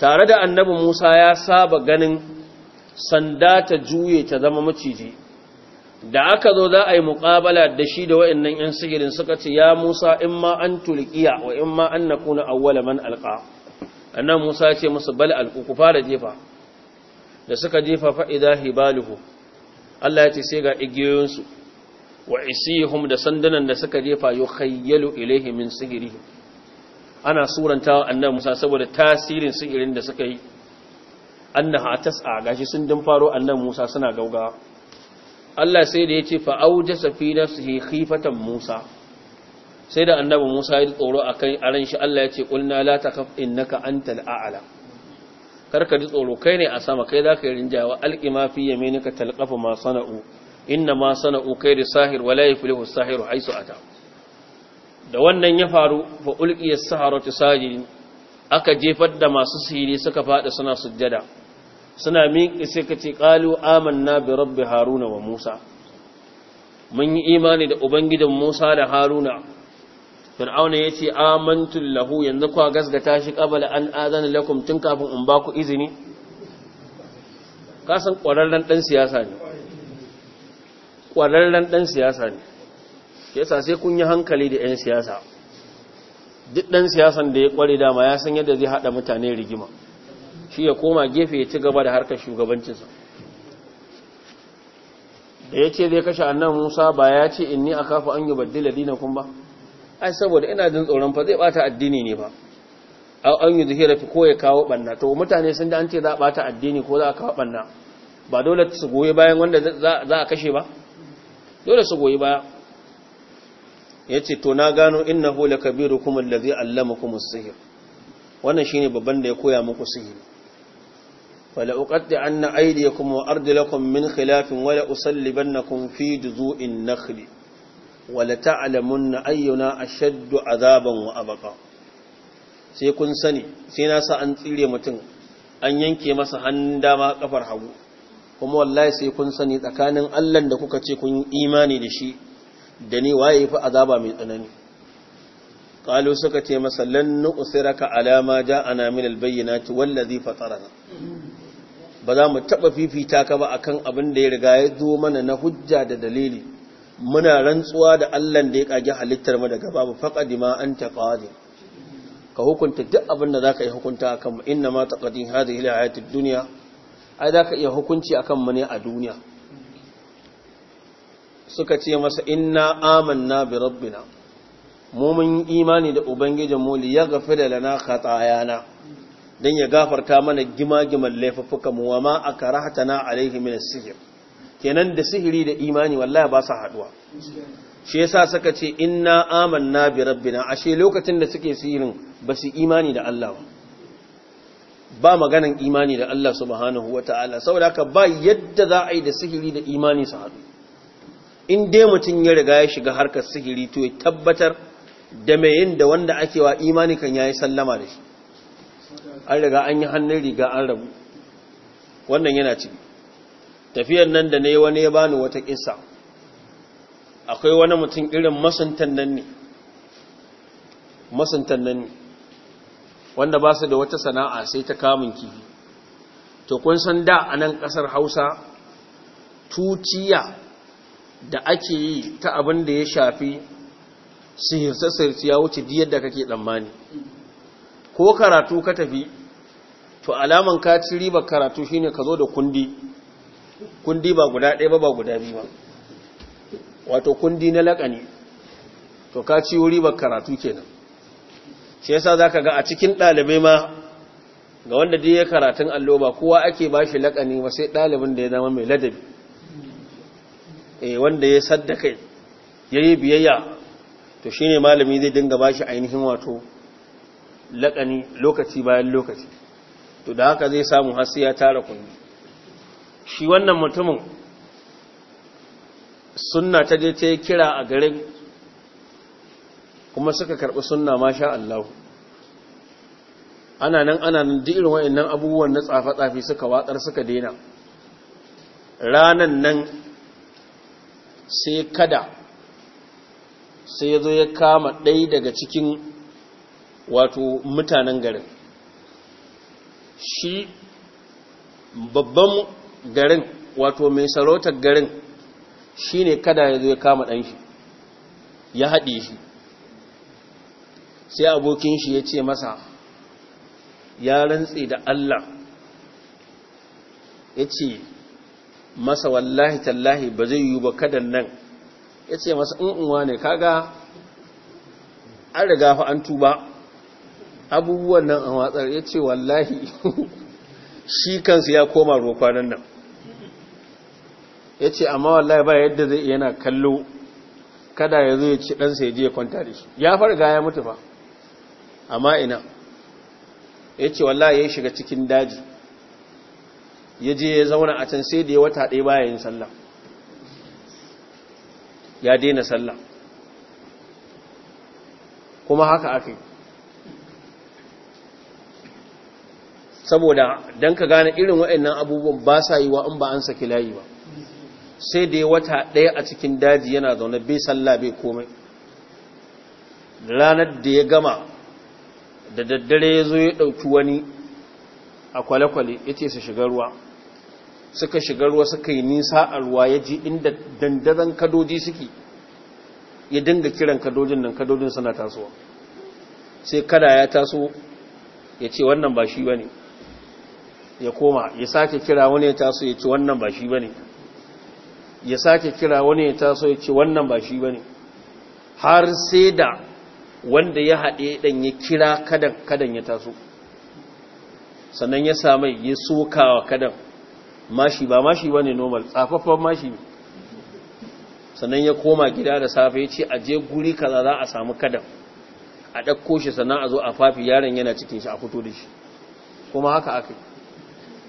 Speaker 1: tare da annabi Musa ya saba ganin sanda ta juye ta zama maciji da aka zo za a yi muƙabala da shi da wa'annan 'yan sigirin suka ce ya Musa in ma an tulkiya wa in ma an nakuna awwala man alqa annan Musa ya ce musu bal alqu ku fara jefa da suka jefa fa idha hibaluhu Allah ya ce sai ga igiyoyinsu su wa isihum da sandunan da suka jefa yukhayyalu ilayhi min sigirihim ana suranta annabi Musa saboda tasirin su irin da suka yi annaha tas'a gashi sun din faro annabi Musa suna gauga Allah sai da yace fa aujasa fi nafsihi khifatan Musa sai da annabi Musa ya tsoro akan aran shi Allah yace qulna la takaf innaka antal a'la karka ji tsoro kai ne a sama kai zaka yi rinjawa alqima fi yaminika talqafu ma sana'u inna ma sana'u kai da sahir wala yuflihu sahiru haisu ata da wannan ya faru fa ulqiya as-saharatu sajidin aka jefar da masu sihiri suka fada suna sujjada suna miƙi sai ka ce qalu amanna bi rabbi haruna wa musa mun yi imani da ubangidan musa da haruna fir'auna yace amantu lahu yanzu kwa gasgata tashi qabala an azana lakum tun kafin in ba ku izini kasan ƙwararren dan siyasa ne ƙwararren ɗan siyasa ne yasa sai kun yi hankali da 'yan siyasa duk ɗan siyasan da ya ƙware dama ya san yadda zai haɗa mutane rigima shi ya koma gefe ya ci gaba da harkar shugabancinsa da ya ce zai kashe annan musa ba ya ce in ni a kafa an yi baddi ladina kun ba ai saboda ina jin tsoron fa zai bata addini ne ba an yi zuhira fi ko ya kawo ɓanna to mutane sun da an ce za a bata addini ko za a kawo ɓanna ba dole su goyi bayan wanda za a kashe ba dole su goyi baya Ya ce to na gano innahu lakabirukum allazi allamakum as sihir wannan shine babban da ya koya muku sihiri wala uqatti anna kuma wa arjulakum min khilafin wala kun fi juzu'in nakhli wala ta'lamunna ayyuna ashaddu azaban wa abqa sai kun sani sai na sa an tsire mutum an yanke masa hannun dama kafar hagu kuma wallahi sai kun sani tsakanin Allah da kuka ce kun imani da shi da ni waye fi azaba mai tsanani qalu suka ce masallan lan nu'siraka ala ma ja'ana min al wallazi fatarana ba za mu taɓa fifita ka ba akan abin da ya riga ya zo mana na hujja da dalili muna rantsuwa da Allah da ya kage halittar mu daga babu faqadi ma anta qadi ka hukunta duk abin da zaka yi hukunta akan mu inna ma taqadin hadhihi al dunya ai zaka iya hukunci akan mu ne a duniya suka ce masa inna amanna bi rabbina mu mun imani da ubangijin mu li gafira lana khatayana dan ya gafarta mana gimagiman laifuffukan mu wama akrahtana alaihi min as-sihr kenan da sihiri da imani wallahi ba sa haduwa shi yasa suka ce inna amanna bi rabbina ashe lokacin da suke sihirin ba su imani da Allah ba maganan imani da Allah subhanahu wataala saboda haka ba yadda za a yi da sihiri da imani su haɗu in dai mutum ya riga ya shiga harkar sihiri to ya tabbatar da mai yin da wanda ake wa imani kan yayi sallama da shi an riga an yi hannun riga an rabu wannan yana ciki tafiyar nan da ne wani ya bani wata kissa akwai wani mutum irin masuntan nan ne masuntan nan ne wanda ba su da wata sana'a sai ta kamun kifi to kun san da a nan ƙasar hausa tuciya da ake yi ta abin da ya shafi sihirce-sihirce ya wuce diyar da kake tsammani ko karatu ka tafi to alaman ka ci riba karatu shine ka zo da kundi kundi ba guda ɗaya ba ba guda biyu ba wato kundi na laƙani to ka wuri ba karatu kenan shi yasa ka ga a cikin ɗalibai ma ga wanda dai ya karatun allo ba kowa ake ba shi laƙani ba sai ɗalibin da ya zama mai ladabi Eh, wanda ya saddaka ya yi biyayya to shine malami zai dinga bashi ainihin wato laƙani lokaci bayan lokaci to da haka zai samu hasi ya tara kundi shi wannan mutumin suna ta je ta yi kira a garin kuma suka karɓi sunna masha Allah ana nan ana nan duk irin nan abubuwan na tsafa-tsafi suka watsar suka daina ranan nan sai kada sai ya zo ya kama ɗai daga cikin wato mutanen garin shi babban garin wato mai sarautar garin shi ne kada ya zo ya kama ɗanshi ya haɗe shi sai abokin shi ya ce masa ya rantse da Allah ya ce masa wallahi tallahi ba zai yi ba kadan nan ya ce masa unuwa ne kaga an riga fa an tuba abubuwan nan a watsar ya ce wallahi <laughs> shi kansu ya koma ruwa nan ya ce amma wallahi ba yadda zai yana kallo kada ya zo ya ci ɗansa ya je ya kwanta da shi ya farga ya mutu fa amma ina ya ce wallahi ya shiga cikin daji ya je ya zauna a can sai da ya wata ɗaya bayan yin sallah ya daina sallah kuma haka aka saboda don ka gane irin waɗannan abubuwan ba sa yi wa in ba an saki layi ba sai da ya wata ɗaya a cikin daji yana zaune bai sallah bai komai ranar da ya gama da daddare ya zo ya ɗauki wani a kwale-kwale ya ce su shiga ruwa suka shiga ruwa suka yi nisa a ruwa ya ji inda dandazon kadoji suke ya dinga kiran kadojin nan kadojin suna tasowa sai kada ya taso ya ce wannan ba shi ba ne ya koma ya sake kira wani ya taso ya ce wannan ba shi ba ne ya sake kira wani ya taso ya ce wannan ba shi ba ne har sai da wanda ya haɗe ɗan ya kira kadan kadan ya taso sannan ya samai ya wa kadan mashi ba mashi ba ne normal tsafaffen mashi sannan ya koma gida da safe ya ce a je guri kaza za a samu kadan a ɗakko shi sannan a zo a fafi yaron yana cikin shi a fito da shi kuma haka aka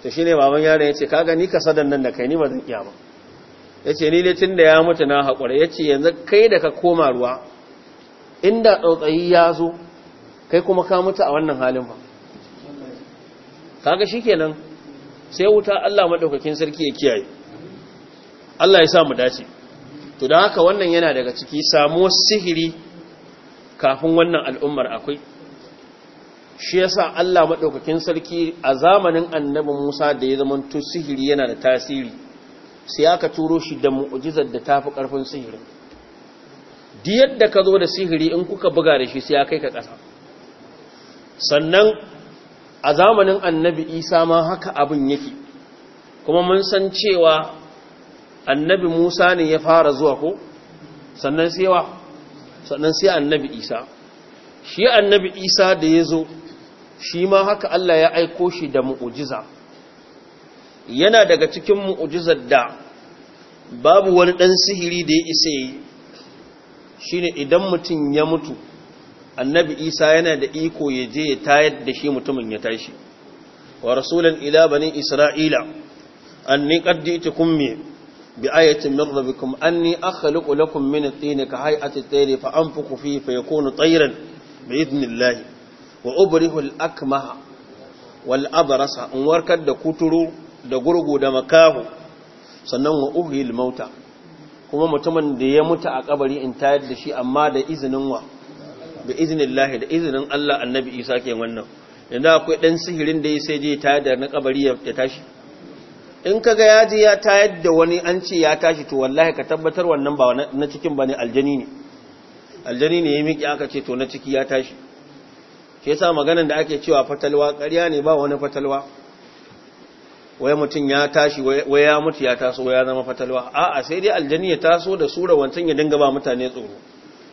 Speaker 1: ta shi ne baban yaron ya ce ka gani ni sadan nan da kai ni ba zan iya ba ya ce ni ne tun da ya mutu na haƙura ya ce yanzu kai da ka koma ruwa inda tsautsayi ya zo kai kuma ka mutu a wannan halin ba kaga shi kenan sai wuta Allah madaukakin sarki ya kiyaye Allah ya sa mu dace to dan haka wannan yana daga ciki samo sihiri kafin wannan al'ummar akwai shi yasa Allah madaukakin sarki a zamanin annabi Musa da ya zama to sihiri yana da tasiri sai aka turo shi da mu'jizar da tafi karfin sihirin di yadda ka zo da sihiri in kuka buga da shi sai ya kai ka ƙasa sannan a zamanin annabi isa ma haka abin yake kuma mun san cewa annabi musa ne ya fara zuwa ko sannan sewa sannan sai annabi isa shi annabi isa da ya zo shi ma haka allah ya aiko shi da mu'ujiza yana daga cikin mu'ujizar da babu wani ɗan sihiri da ya isa yi shi idan mutum ya mutu annabi isa yana da iko ya je ya tayar da shi mutumin ya tashi wa rasulan ila bani isra'ila anni qad ji'tukum bi ayatin min rabbikum anni akhluqu lakum min at-tin ka hay'ati at-tayr fa anfuku fihi fa tayran bi idnillah wa ubrihu al-akmaha wal abrasa in warkar da kuturu da gurgu da makahu sannan wa uhil mauta kuma mutumin da ya mutu a kabari in tayar da shi amma da izinin wa bi lahi da izinin Allah annabi Isa ke wannan yanzu akwai dan sihirin da ya sai je ta da na kabari ya tashi in kaga ya je ya tayar da wani an ce ya tashi to wallahi ka tabbatar wannan ba na cikin bane aljani ne aljani ne ya miki aka ce to na ciki ya tashi ke yasa maganar da ake cewa fatalwa ƙarya ne ba wani fatalwa wai mutum ya tashi wai ya mutu ya taso ya zama fatalwa a'a sai dai aljani ya taso da sura wancan ya dinga ba mutane tsoro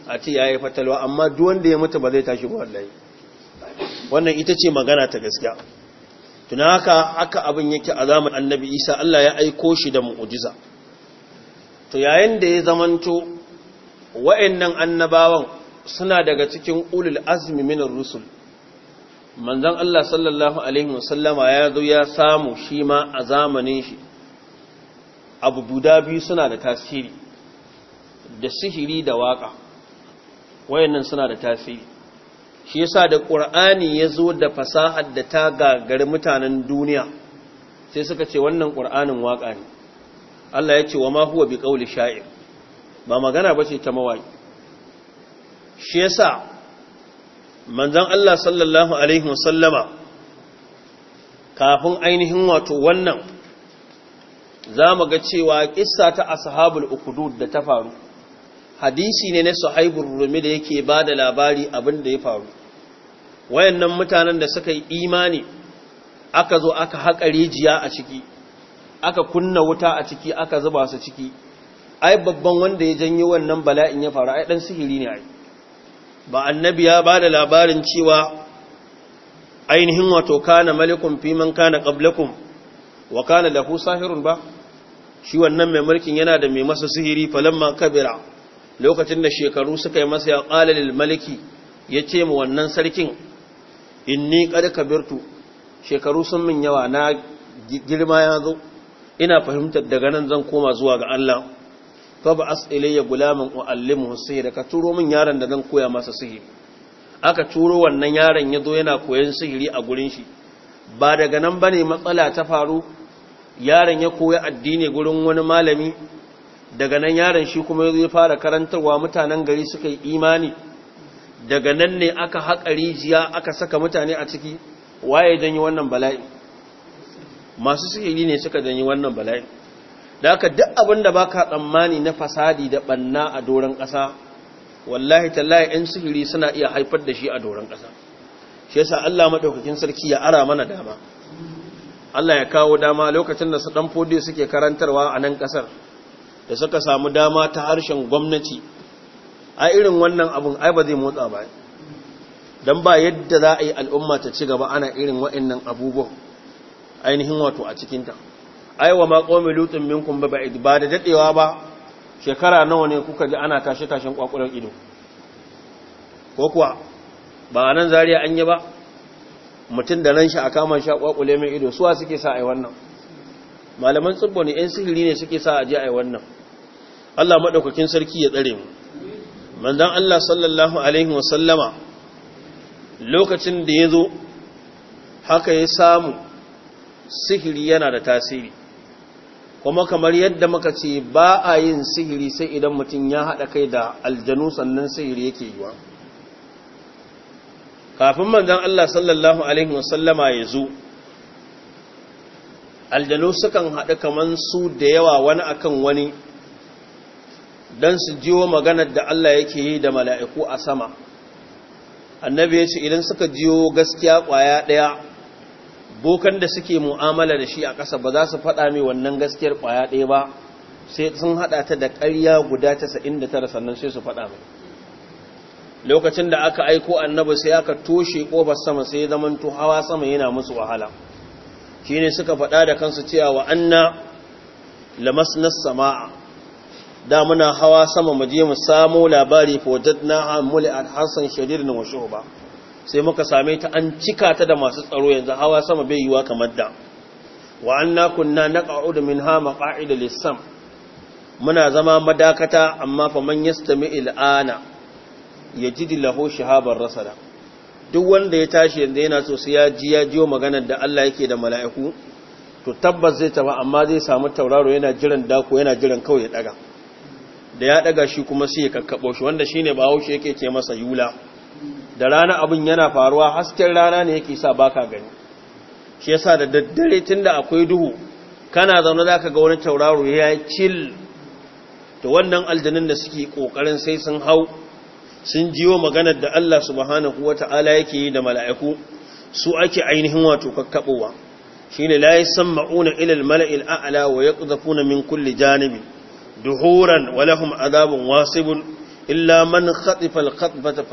Speaker 1: a ya yi fatalwa amma duk wanda ya mutu ba zai tashi wallahi wannan ita ce magana ta gaskiya tuna haka aka abin yake a zamanin annabi isa Allah ya aiko shi da mu'ujiza to yayin da ya zamanto wa'annan annabawan suna daga cikin ulul azmi ar rusul manzon Allah sallallahu alaihi wasallama ya zo ya samu shi ma a zamanin shi abu guda biyu suna da tasiri da sihiri da waka wayannan suna da tasiri shi yasa da qur'ani zo da fasahar da ta gagari mutanen duniya sai suka ce wannan qur'anin waka ne Allah ya ce wa ma huwa bi biqauli sha'ir ba magana bace ta mawaki shi yasa manzon Allah sallallahu alaihi wasallama kafin ainihin wato wannan za mu ga cewa kissa ta ashabul ukudud da ta faru hadisi ne na sahaibur rumi da yake ba da labari abin da ya faru wayannan mutanen da suka yi imani aka zo aka haƙa rijiya a ciki aka kunna wuta a ciki aka zuba su ciki ai babban wanda ya janyo wannan bala'in ya faru ai dan sihiri ne ai ba annabi ya ba da labarin cewa ainihin wato kana malikum fi man kana qablakum wa kana lahu sahirun ba shi wannan mai mulkin yana da mai masa sihiri falamma kabira lokacin da shekaru suka yi masa ya ƙalilin maliki ya ce mu wannan sarkin In ni qad kabirtu shekaru sun min yawa na girma ya zo ina fahimtar daga nan zan koma zuwa ga Allah ba ya ba'as ilayya allimu sai da ka turo min yaron da zan koya masa sihiri aka turo wannan yaron ya zo yana koyon sihiri a gurin shi ba daga nan bane matsala ta faru yaron ya koya addini gurin wani malami daga nan yaron shi kuma ya fara karantarwa mutanen gari suka yi imani daga nan ne aka haƙa rijiya aka saka mutane a ciki waye yi wannan bala'i masu sihiri ne suka yi wannan bala'i da aka duk abin da baka tsammani na fasadi da banna a doron ƙasa wallahi tallahi 'yan sihiri suna iya haifar da shi a doron ƙasa shi yasa Allah maɗaukakin sarki ya ara mana dama Allah ya kawo dama lokacin da su ɗan fodiyo suke karantarwa a nan ƙasar da suka samu dama ta harshen gwamnati a irin wannan abun ai ba zai motsa ba don ba yadda za a yi al'umma ta ci gaba ana irin wa'annan abubuwan ainihin wato a cikinta ai wa maƙomi lutun minkum ba ba da daɗewa ba shekara nawa ne kuka ji ana tashi tashen ƙwaƙulan ido ko kuwa ba nan zariya an yi ba mutum da ran shi a kama shi a mai ido suwa suke sa a yi wannan malaman tsibbo ne 'yan sihiri ne suke sa a ji a yi wannan Allah maɗaukakin sarki ya tsare mu manzon Allah sallallahu alaihi wasallama lokacin da ya zo haka ya samu sihiri yana da tasiri kuma kamar yadda muka ce ba a yin sihiri sai idan mutum ya haɗa kai da aljanu sannan sihiri yake yiwa kafin manzon Allah sallallahu alaihi wasallama ya zo aljanu sukan haɗa kamar su da yawa wani akan wani don su jiwo maganar da Allah yake yi da mala'iku a sama annabi ya ce idan suka jiwo gaskiya ƙwaya ɗaya bokan da suke mu'amala da shi a ƙasa ba za su faɗa mai wannan gaskiyar ƙwaya ɗaya ba sai sun haɗa ta da ƙarya guda casa'in da tara sannan sai su faɗa mai lokacin da aka aiko annabi sai aka toshe ƙofar sama sai zaman to hawa sama yana musu wahala shine suka faɗa da kansu cewa wa anna lamasnas sama'a da muna hawa sama mu je mu samu labari fa amuli al hasan shadidan wa shuba sai muka same ta an cika ta da masu tsaro yanzu hawa sama bai yiwa kamar da wa anna kunna naq'udu minha maq'ida lis-sam muna zama madakata amma fa man yastami al-ana yajid lahu shihaban rasala duk wanda ya tashi yanzu yana so sai ya ji ya jiyo maganar da Allah yake da mala'iku to tabbas zai tafi amma zai samu tauraro yana jiran dako yana jiran kawai ya daga da ya daga shi kuma sai ya kakkabo shi wanda shine ba haushe yake ce masa yula da rana abin yana faruwa hasken rana ne yake sa baka gani shi yasa da daddare tunda akwai duhu kana zaune zaka ga wani tauraro ya cil to wannan aljanun da suke kokarin sai sun hau sun jiwo maganar da Allah subhanahu wata'ala yake yi da mala'iku su ake ainihin wato kakkabowa shine la yasma'una ila al-mala'il a'la wa yaqdhafuna min kulli janibin duhuran walahum azabun wasibun illa man khatifa al-khatfata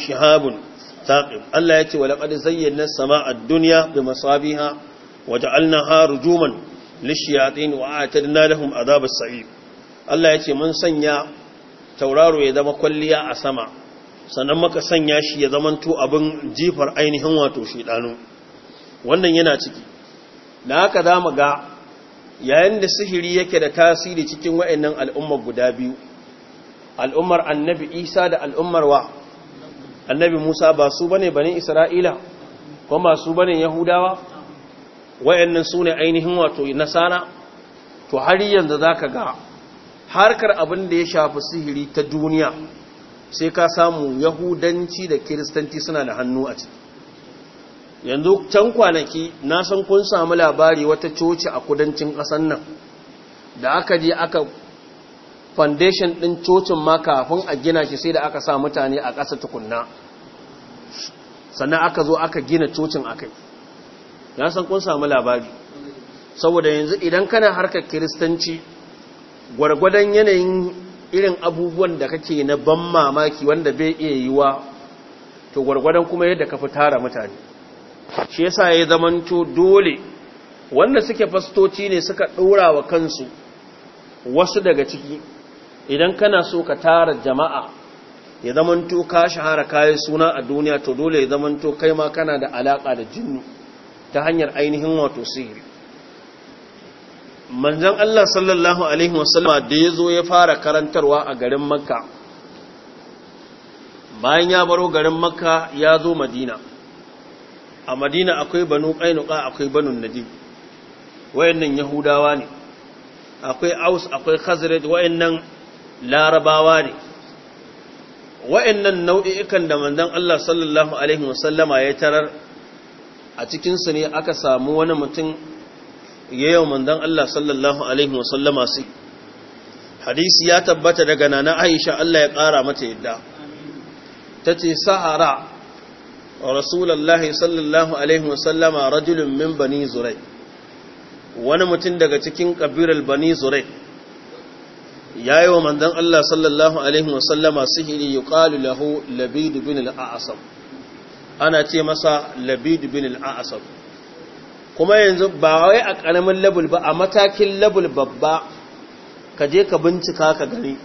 Speaker 1: shihabun thaqib Allah yace wa laqad zayyana as-samaa'a ad-dunya bi masabiha wa ja'alnaha rujuman lish wa a'tadna lahum azab as-sa'ib Allah yace mun sanya tauraro ya zama kwalliya a sama sannan maka sanya shi ya zamanto abin jifar ainihin wato shedanu wannan yana ciki da haka zamu ga yayin da sihiri yake da tasiri cikin wa'annan al'ummar guda biyu al'ummar annabi isa da al'ummar wa annabi musa ba su bane bane isra'ila ko ba su bane yahudawa wa'annan su ne ainihin wato nasara to har yanzu za ka ga harkar abin da ya shafi sihiri ta duniya sai ka samu yahudanci da kiristanci suna da hannu a ciki yanzu can kwanaki na san kun samu labari wata coci a kudancin ƙasan nan da aka je aka foundation ɗin cocin ma kafin a gina shi sai da aka sa mutane a ƙasa tukunna sannan aka zo aka gina cocin akai na san kun samu labari saboda yanzu idan kana harkar kiristanci gwargwadon yanayin irin abubuwan da kake na ban mamaki wanda bai iya yiwa to gwargwadon kuma yadda ka fi tara mutane shi yasa ya zamanto dole wanda suke fastoci ne suka ɗora wa kansu wasu daga ciki idan kana so ka tara jama'a ya zamanto ka shahara kayan suna a duniya to dole ya zamanto kai ma kana da alaƙa da jinnu ta hanyar ainihin wato sihiri manzan Allah sallallahu Alaihi wasallama da ya zo ya fara karantarwa a garin makka bayan ya baro garin makka ya zo madina a madina akwai banu ƙainuka akwai banun najib yahudawa ne akwai aus akwai khazraj wayannan larabawa ne wayannan nau'i'ikan da manzon Allah sallallahu alaihi wasallama ya tarar a cikin su ne aka samu wani mutum yayyo manzon Allah sallallahu alaihi wasallama su hadisi ya tabbata daga nana Aisha Allah ya ƙara mata yadda tace sahara rasulullahi sallallahu alaihi wasallama rajulun min bani zurai wani mutum daga cikin ƙabilar bani zurai ya yi wa manzan Allah sallallahu alaihi wasallama sihiri ya ƙalu lahu labidu bin al'asam ana ce masa labidu bin al'asam kuma yanzu ba wai a ƙaramin labul ba a matakin labul babba ka je ka bincika ka gani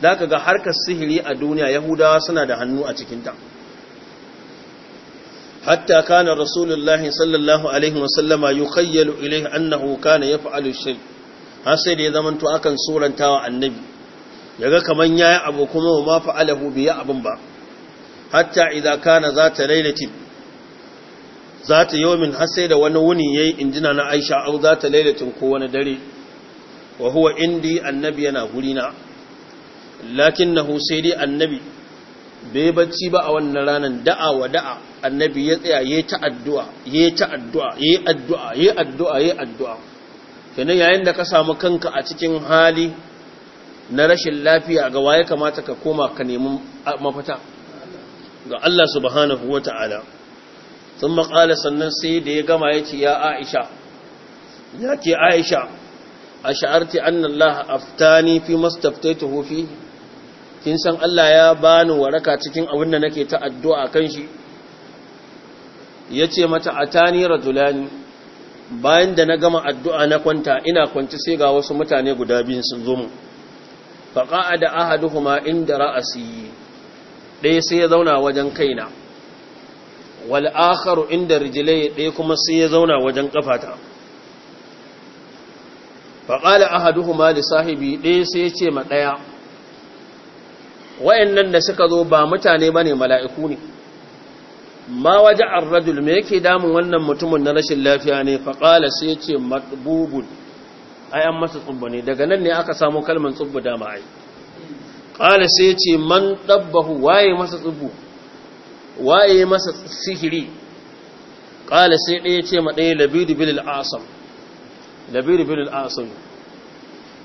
Speaker 1: da ka ga harkar sihiri a duniya yahudawa suna da hannu a cikinta hatta kana rasulullahi sallallahu alaihi wasallama yukhayyalu ilayhi annahu kana yaf'alu shay har sai da ya zama to akan surantawa annabi yaga kaman yayi abu kuma ma fa'alahu bi abun ba hatta idza kana zata lailatin zata yawmin har sai da wani wuni yayi injina na Aisha au zata lailatin ko wani dare wa huwa indi annabi yana gurina lakinnahu sai dai annabi bai bacci ba a wannan ranar da'a wa da'a annabi ya tsaya ya ta addu'a ya ta addu'a yayi addu'a yayi addu'a ya addu'a kenan yayin da ka samu kanka a cikin hali na rashin lafiya ga waye kamata ka koma ka nemi mafita ga Allah subhanahu wata'ala sun maƙala sannan sai da ya gama ya ce ya Aisha ya ce Aisha a sha'arti annan Allah aftani fi masu taftar hufi kin san Allah ya bani waraka cikin abin da nake ta addu'a kan shi yace mata atani rajulani bayan da na gama addu'a na kwanta ina kwanci sai ga wasu mutane guda biyu sun zo mu fa qa'ada ahaduhuma inda ra'asi ɗaya sai ya zauna wajen kaina wal akharu inda rijlai ɗaya kuma sai ya zauna wajen kafata fa qala ahaduhuma li sahibi ɗaya sai ya ce ma ɗaya wa'annan da suka zo ba mutane ba ne mala'iku ne ma waje a rajul me yake damun wannan mutumin na rashin lafiya ne fa sai ce matbubun a ‘yan masa tsubba ne daga nan ne aka samu kalmar tsubba da ma ai sai ce man ɗabbahu waye masa tsubbu waye masa sihiri Ƙala sai ɗaya ce ma ɗaya labidu bil asam labidu bil asam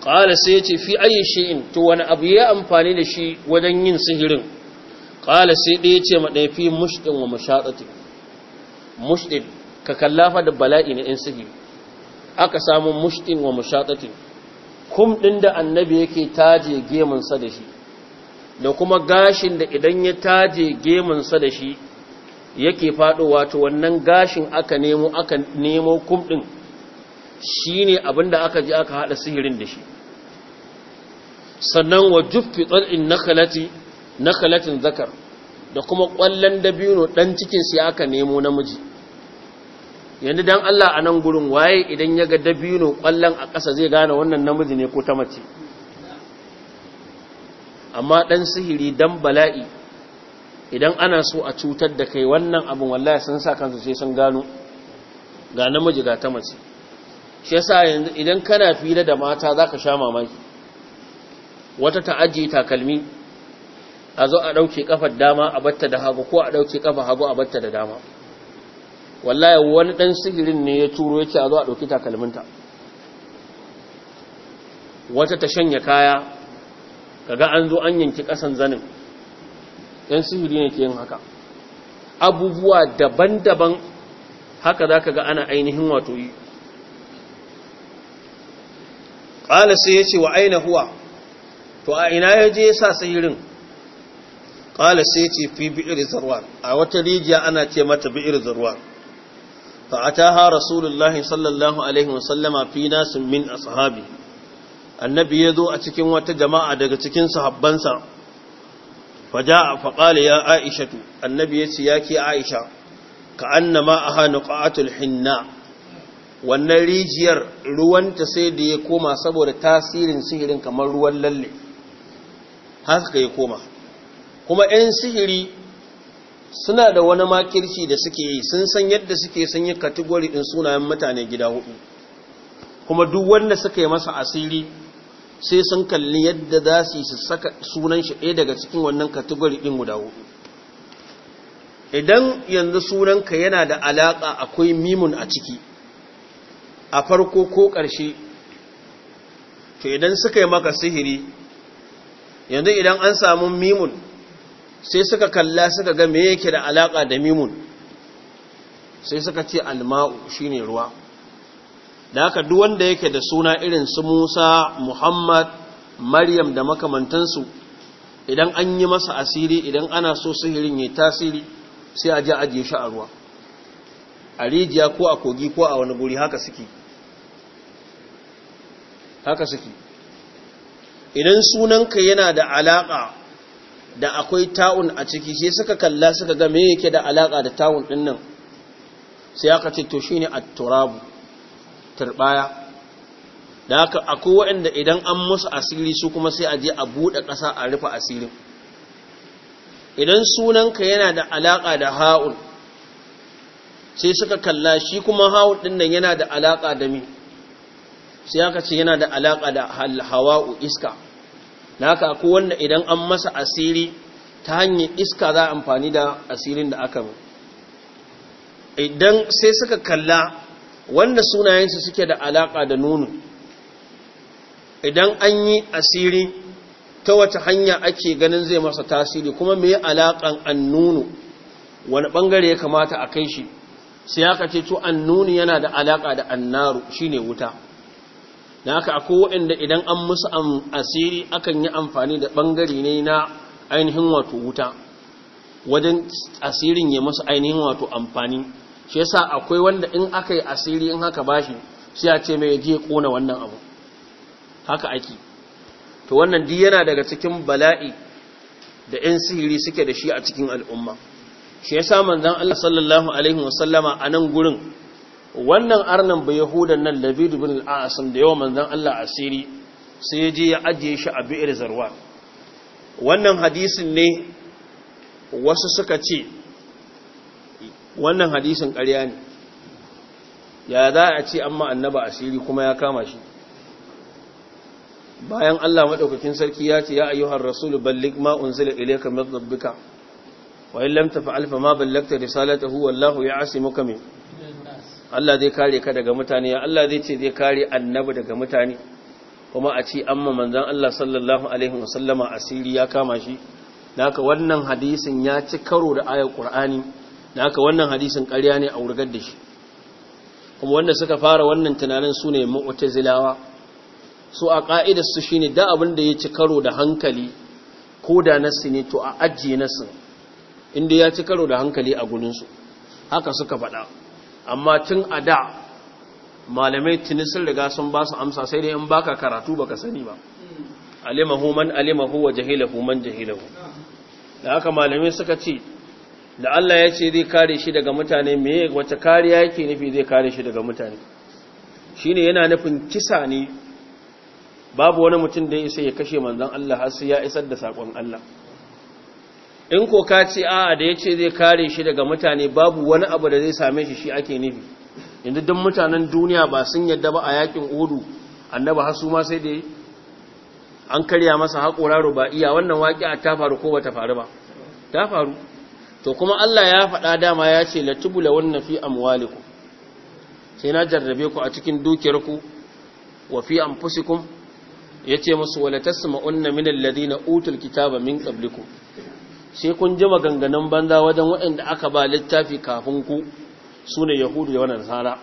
Speaker 1: ƙala sai ya ce fi ayi shi'in to wani abu ya amfani da shi wajen yin sihirin ƙala sai ɗaya ce maɗaya fi mushɗin wa mashaɗati mushɗin ka kallafa da bala'i na 'yan sihiri aka samu mushɗin wa mashaɗati kum ɗin da annabi yake taje gemunsa da shi da kuma gashin da idan ya taje gemunsa da shi yake faɗo wato wannan gashin aka nemo aka nemo kum ɗin Shi ne abinda aka ji aka hada sihirin da shi sannan wa jufi tsarin nakhalati zakar da kuma kwallon dabino dan cikin sai aka nemo namiji Yadda don Allah a nan gurin waye idan ya ga dabino kwallon a ƙasa zai gane wannan namiji ne ko ta mace amma dan sihiri dan bala'i idan ana so a cutar da kai wannan abin wallaya sun sa kansu sai sun gano ga namiji ga ta mace shi yasa yanzu idan kana fira da mata za ka sha mamaki wata ta ajiye takalmi a zo a ɗauke ƙafar dama a batta da hagu ko a ɗauke ƙafar hagu a batta da dama wallahi wani ɗan sihirin ne ya turo yake a zo a ɗauki takalminta wata ta shanya kaya kaga an zo an yanki ƙasan zanin ɗan sihiri ne ke yin haka abubuwa daban-daban haka za ka ga ana ainihin wato yi ƙala sai ya ce wa aina huwa to a ina ya je ya sa sihirin ƙala sai ya ce fi bi'ir zarwar a wata rijiya ana ce mata bi'ir zarwar fa ha rasulullahi sallallahu alaihi wasallama fi nasin min ashabi annabi ya zo a cikin wata jama'a daga cikin sahabbansa faja fa qala ya aishatu annabi ya ce yake aisha ka annama aha nuqatul hinna wannan rijiyar ruwanta sai da ya koma saboda tasirin sihirin kamar ruwan lalle haka ya koma kuma 'yan sihiri suna da wani makirci da suke yi sun san yadda suke sanya katigori ɗin sunayen mutane gida hudu kuma duk wanda suka yi masa asiri sai sun kalli yadda za su yi saka sunan shi ɗaya daga cikin wannan katigori ɗin guda hudu idan yanzu sunanka yana da alaƙa akwai mimun a ciki a farko ko ƙarshe to idan suka yi maka sihiri yanzu idan an samu mimun sai suka kalla suka ga me yake da alaƙa da mimun sai suka ce alma'u shine ruwa da aka duk wanda yake da suna irin su Musa Muhammad Maryam da makamantansu idan an yi masa asiri idan ana so sihirin ya tasiri sai a ji ajiye shi a ruwa a rijiya ko a kogi ko a wani guri haka suke haka suke idan sunanka yana da alaƙa da akwai ta'un a ciki sai suka kalla suka ga me yake da alaƙa da ta'un ɗin nan sai aka ce to shine at-turabu turbaya da haka akwai waɗanda idan an musu asiri su kuma sai a je a buɗe ƙasa a rufe asirin idan sunanka yana da alaƙa da ha'un sai suka kalla shi kuma ha'un ɗin nan yana da alaƙa da mi sai aka ce yana da alaƙa da hawa'u iska na haka ku wanda idan an masa asiri ta hanyar iska za amfani da asirin da aka mu idan sai suka kalla wanda sunayensu suke da alaƙa da nunu. idan an yi asiri ta wata hanya ake ganin zai masa tasiri kuma mai alaƙan nunu wani ɓangare ya kamata a kai shi sai aka ce to yana da alaƙa da annaru shine wuta Na haka akwai waɗanda idan an musu asiri akan yi amfani da ɓangare ne na ainihin wato wuta wajen asirin ya musu ainihin wato amfani shi yasa akwai wanda in aka yi asiri in haka bashi sai a ce mai je ƙona wannan abu haka ake to wannan duk yana daga cikin bala'i da 'yan sihiri suke da shi a cikin al'umma shi yasa manzon Allah sallallahu alaihi wasallama a nan gurin wannan arnan ba yahudan nan labid bin al'asam da yawan manzan Allah asiri sai ya je ya ajiye shi a bi'ir zarwa wannan hadisin ne wasu suka ce wannan hadisin ƙarya ne ya za a ce amma annaba asiri kuma ya kama shi bayan Allah maɗaukakin sarki ya ce ya ayyuhar rasulu ballig ma unzila ilayka min rabbika wa in lam taf'al fa ma ballagta risalatahu wallahu ya'simuka min Allah zai kare ka daga mutane Allah zai ce zai kare annabi daga mutane kuma a ci amma manzan Allah sallallahu alaihi wasallama asiri ya kama shi Da haka wannan hadisin ya ci karo da ayar Qur'ani haka wannan hadisin ƙarya ne a wurgar da shi kuma wanda suka fara wannan tunanin su ne zilawa su a ka'idar su ne da abin da ya ci karo da hankali ko da nassi ne to a ajiye nassin inda ya ci karo da hankali a gurin haka suka faɗa amma tun a da malamai tuni sun riga sun ba su amsa sai dai in baka karatu baka sani ba alimahu man alimahu wa jahilahu man jahilahu da haka malamai suka ce da Allah ya ce zai kare shi daga mutane me wata kariya yake nufi zai kare shi daga mutane shine yana nufin kisa ne babu wani mutum da ya isa ya kashe manzon Allah har sai ya isar da sakon Allah in ko ka ce a'a da ya ce zai kare shi daga mutane babu wani abu da zai same shi shi ake nufi Inda don mutanen duniya ba sun yadda ba a yakin odu annaba hasu ma sai da an karya masa haƙora iya wannan waƙi ta faru ko bata faru ba ta faru to kuma Allah ya faɗa dama ya ce tubula wannan fi amwalikum sai na jarrabe ku a cikin dukiyarku wa fi anfusikum yace musu wala tasma'unna min alladhina utul kitaba min qablikum sai kun ji maganganun banza wajen waɗanda aka ba littafi kafin ku su ne yahudu da wani nasara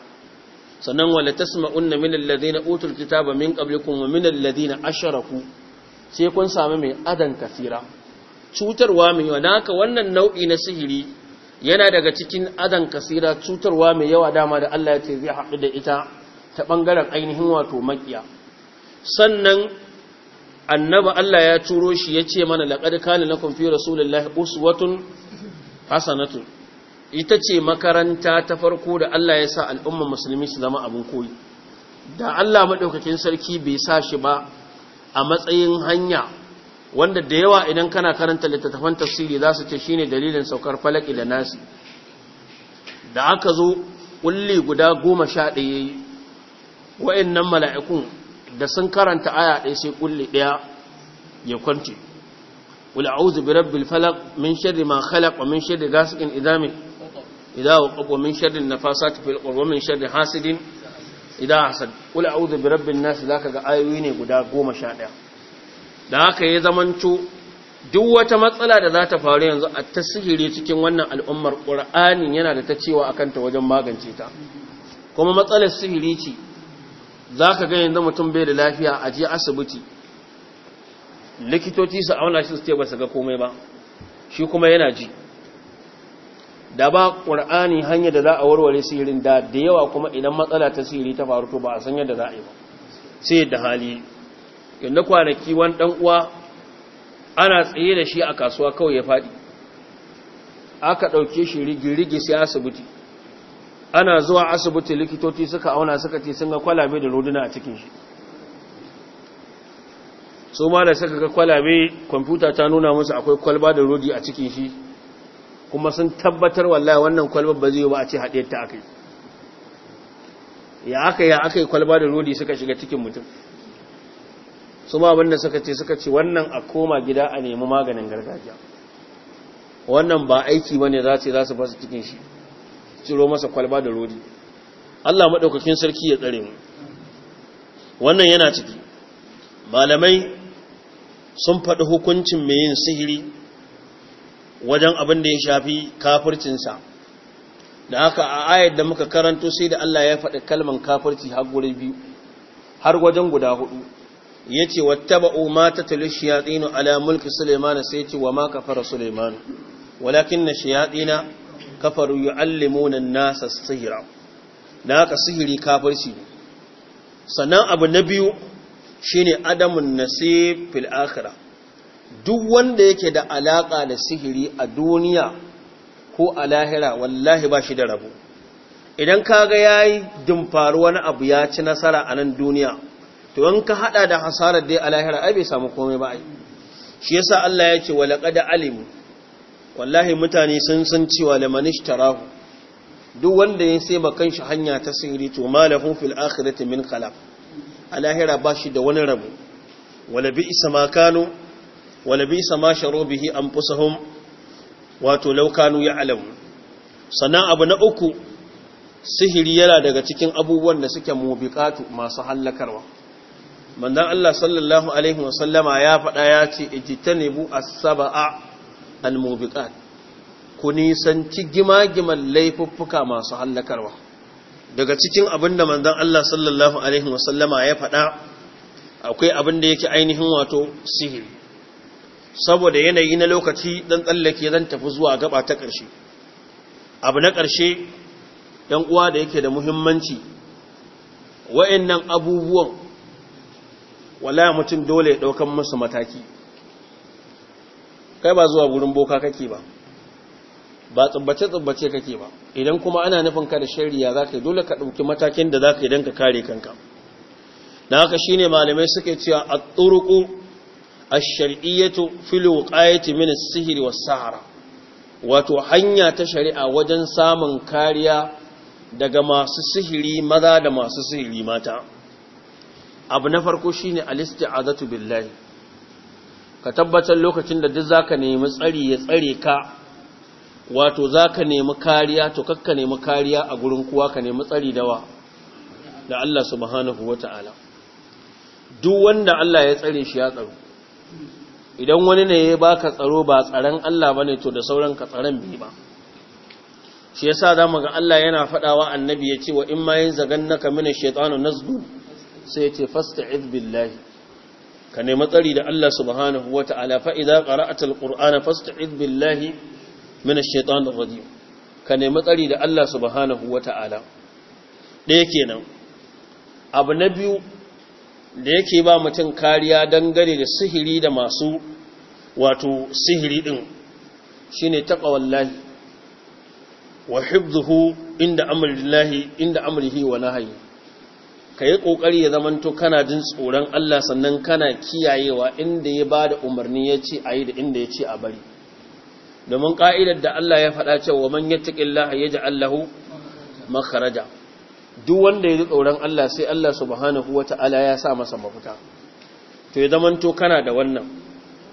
Speaker 1: sannan wala tasma'unna min na utul kitaba min ƙablikun wa min alladhina asharaku sai kun sami mai adan kasira cutarwa mai yawa naka wannan nau'i na sihiri yana daga cikin adan kasira cutarwa mai yawa dama da Allah ya ce zai haɗu da ita ta ɓangaren ainihin wato maƙiya? sannan annaba Allah ya turo shi ya ce mana laƙar kane na kwamfi rasulullahi uswatun hasanatu ita ce makaranta ta farko da Allah ya sa al'umman musulmi su zama abin koyi da Allah maɗaukakin sarki bai sa shi ba a matsayin hanya wanda da yawa idan kana karanta littattafan tafsiri za su ce shi ne dalilin saukar falaki da nasi da aka zo ƙulli guda goma sha ɗaya yi wa'in nan mala'ikun da sun karanta aya ɗaya sai ƙulli ɗaya ya kwanci wula auzu bi rabbil falaq min sharri ma khalaq wa min sharri ghasiqin idha min idha waqab wa min sharri nafasati fil qurb wa min sharri hasidin idha hasad wula auzu bi rabbin nas zaka ga ayoyi ne guda 11 da haka ya zamanto duk wata matsala da za ta faru yanzu a ta sihiri cikin wannan al'ummar ƙura'anin yana da ta cewa a kanta wajen magance ta kuma matsalar sihiri ce za ka ga yanzu mutum bai da lafiya a je asibiti likitoci su auna shi su ce ba ga komai ba shi kuma yana ji da ba ƙur'ani hanyar da za a warware sihirin da da yawa kuma idan matsala ta sihiri ta faru to ba a san yadda za a yi ba sai da hali yadda kwanaki wani ɗan uwa ana tsaye da shi a kasuwa kawai ya faɗi aka ɗauke shi rigirigi sai asibiti ana zuwa asibiti likitoci suka auna suka ce sun ga kwalabe da roduna a cikin shi su ma da suka ga kwalabe kwamfuta ta nuna musu akwai kwalba da rodi a cikin shi kuma sun tabbatar wallahi wannan kwalbar ba zai yi ba a ce haɗe ta akai ya aka ya aka yi kwalba da rodi suka shiga cikin mutum su ma abinda suka ce suka ce wannan a koma gida a nemi maganin gargajiya wannan ba aiki bane za su yi za su fasa cikin shi ciro masa kwalba da rodi Allah maɗaukakin sarki ya tsare mu wannan yana ciki malamai sun faɗi hukuncin mai yin sihiri wajen abin da ya shafi kafircinsa da haka a ayar da muka karanto sai da Allah ya faɗi kalman kafirci har guri biyu har wajen guda hudu ya ce wattaba'u ma ta tali shiyaɗinu ala mulki suleimana sai ce wa ma kafara suleimanu walakin na tsina kafaru yu'allimuna allimunan nasa sihira. Na ka sihiri kafirci shi. sannan abu na biyu shine adamun nasifil fil duk wanda yake da alaƙa da sihiri a duniya ko a lahira wallahi ba shi da rabu idan kaga yi dimfaru wani abu ya ci nasara a nan duniya to in ka hada da hasarar dai a lahira ai bai samu komai ba ai shi yasa Allah ya ce da alimu wallahi mutane sun san cewa lamanish tarahu duk wanda ya sai kan kanshi hanya ta sirri to malahum fil akhirati min khalaf a ba shi da wani rabu wala bi isa kanu wala bi isa ma sharo bihi wato law kanu ya'lam sana abu na uku sihiri yana daga cikin abubuwan da suke mubiqatu masu hallakarwa manzon Allah sallallahu alaihi wasallama ya faɗa ya ce ijtanibu as-sab'a almubiqat ku nisanci gimagiman laifuffuka masu hallakarwa daga cikin abinda manzon Allah sallallahu alaihi wasallama ya faɗa akwai abin da yake ainihin wato sihir saboda yanayi na lokaci dan tsallake zan tafi zuwa gaba ta ƙarshe abu na ƙarshe ɗan uwa da yake da muhimmanci wa'annan abubuwan wala mutum dole ya ɗaukan musu mataki kai ba zuwa gurin boka kake ba ba tsubbace-tsubbace kake ba idan kuma ana nufin ka da shari'a zaka yi dole ka ɗauki matakin da zaka ka yi ka kare kanka da haka shine malamai suke cewa a turuku a shari'iyyatu filo ƙayati min sihiri wa sahara wato hanya ta shari'a wajen samun kariya daga masu sihiri maza da masu sihiri mata abu na farko shine alisti'azatu billahi ka tabbatar lokacin da duk zaka nemi tsari ya tsare ka wato zaka nemi kariya to kakka nemi kariya a gurin kuwa ka nemi tsari dawa da Allah subhanahu Ta'ala. duk wanda Allah ya tsare shi ya tsaro idan wani ne ya baka tsaro ba tsaron Allah ne to da sauran ka tsaron bi ba shi yasa zamu ga Allah yana faɗawa annabi ya ce wa in ma yin zagannaka mina shaytanu nazbu sai ya ce fasta'iz billahi ka nemi tsari da Allah subhanahu wa ta'ala fa idza qara'ata fasta'id billahi min ash-shaytanir rajim ka nemi tsari da Allah subhanahu wa ta'ala ɗaya kenan abu na biyu da yake ba mutum kariya dangane da sihiri da masu wato sihiri ɗin shine taqwallahi wa hifdhuhu inda amrillahi inda wa nahyihi ka yi ƙoƙari ya zamanto kana jin tsoron Allah sannan kana kiyayewa inda ya ba da umarni ya ce a yi da inda ya ce a bari domin ƙa'idar da Allah ya faɗa cewa man ya ciƙi ƙilla ya ji Allahu makaraja duk wanda ya ji tsoron Allah sai Allah subhanahu wa ta'ala ya sa masa mafuta to ya zamanto kana da wannan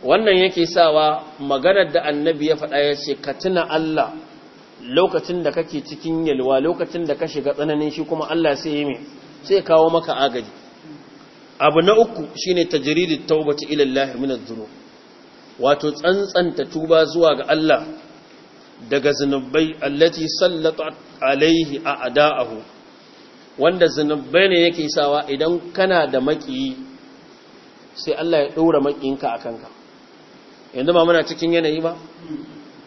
Speaker 1: wannan yake sawa maganar da annabi ya faɗa ya ce ka tuna Allah lokacin da kake cikin yalwa lokacin da ka shiga tsananin shi kuma Allah sai ya yi mai sai kawo maka agaji abu na uku shine tajridu tawbati ila Allah min adh wato tsantsanta tuba zuwa ga Allah daga zunubai allati sallata alaihi ada'ahu wanda zunubai ne yake sawa idan kana da maƙiyi, sai Allah ya ɗora makiyinka a kanka yanzu ba muna cikin yanayi ba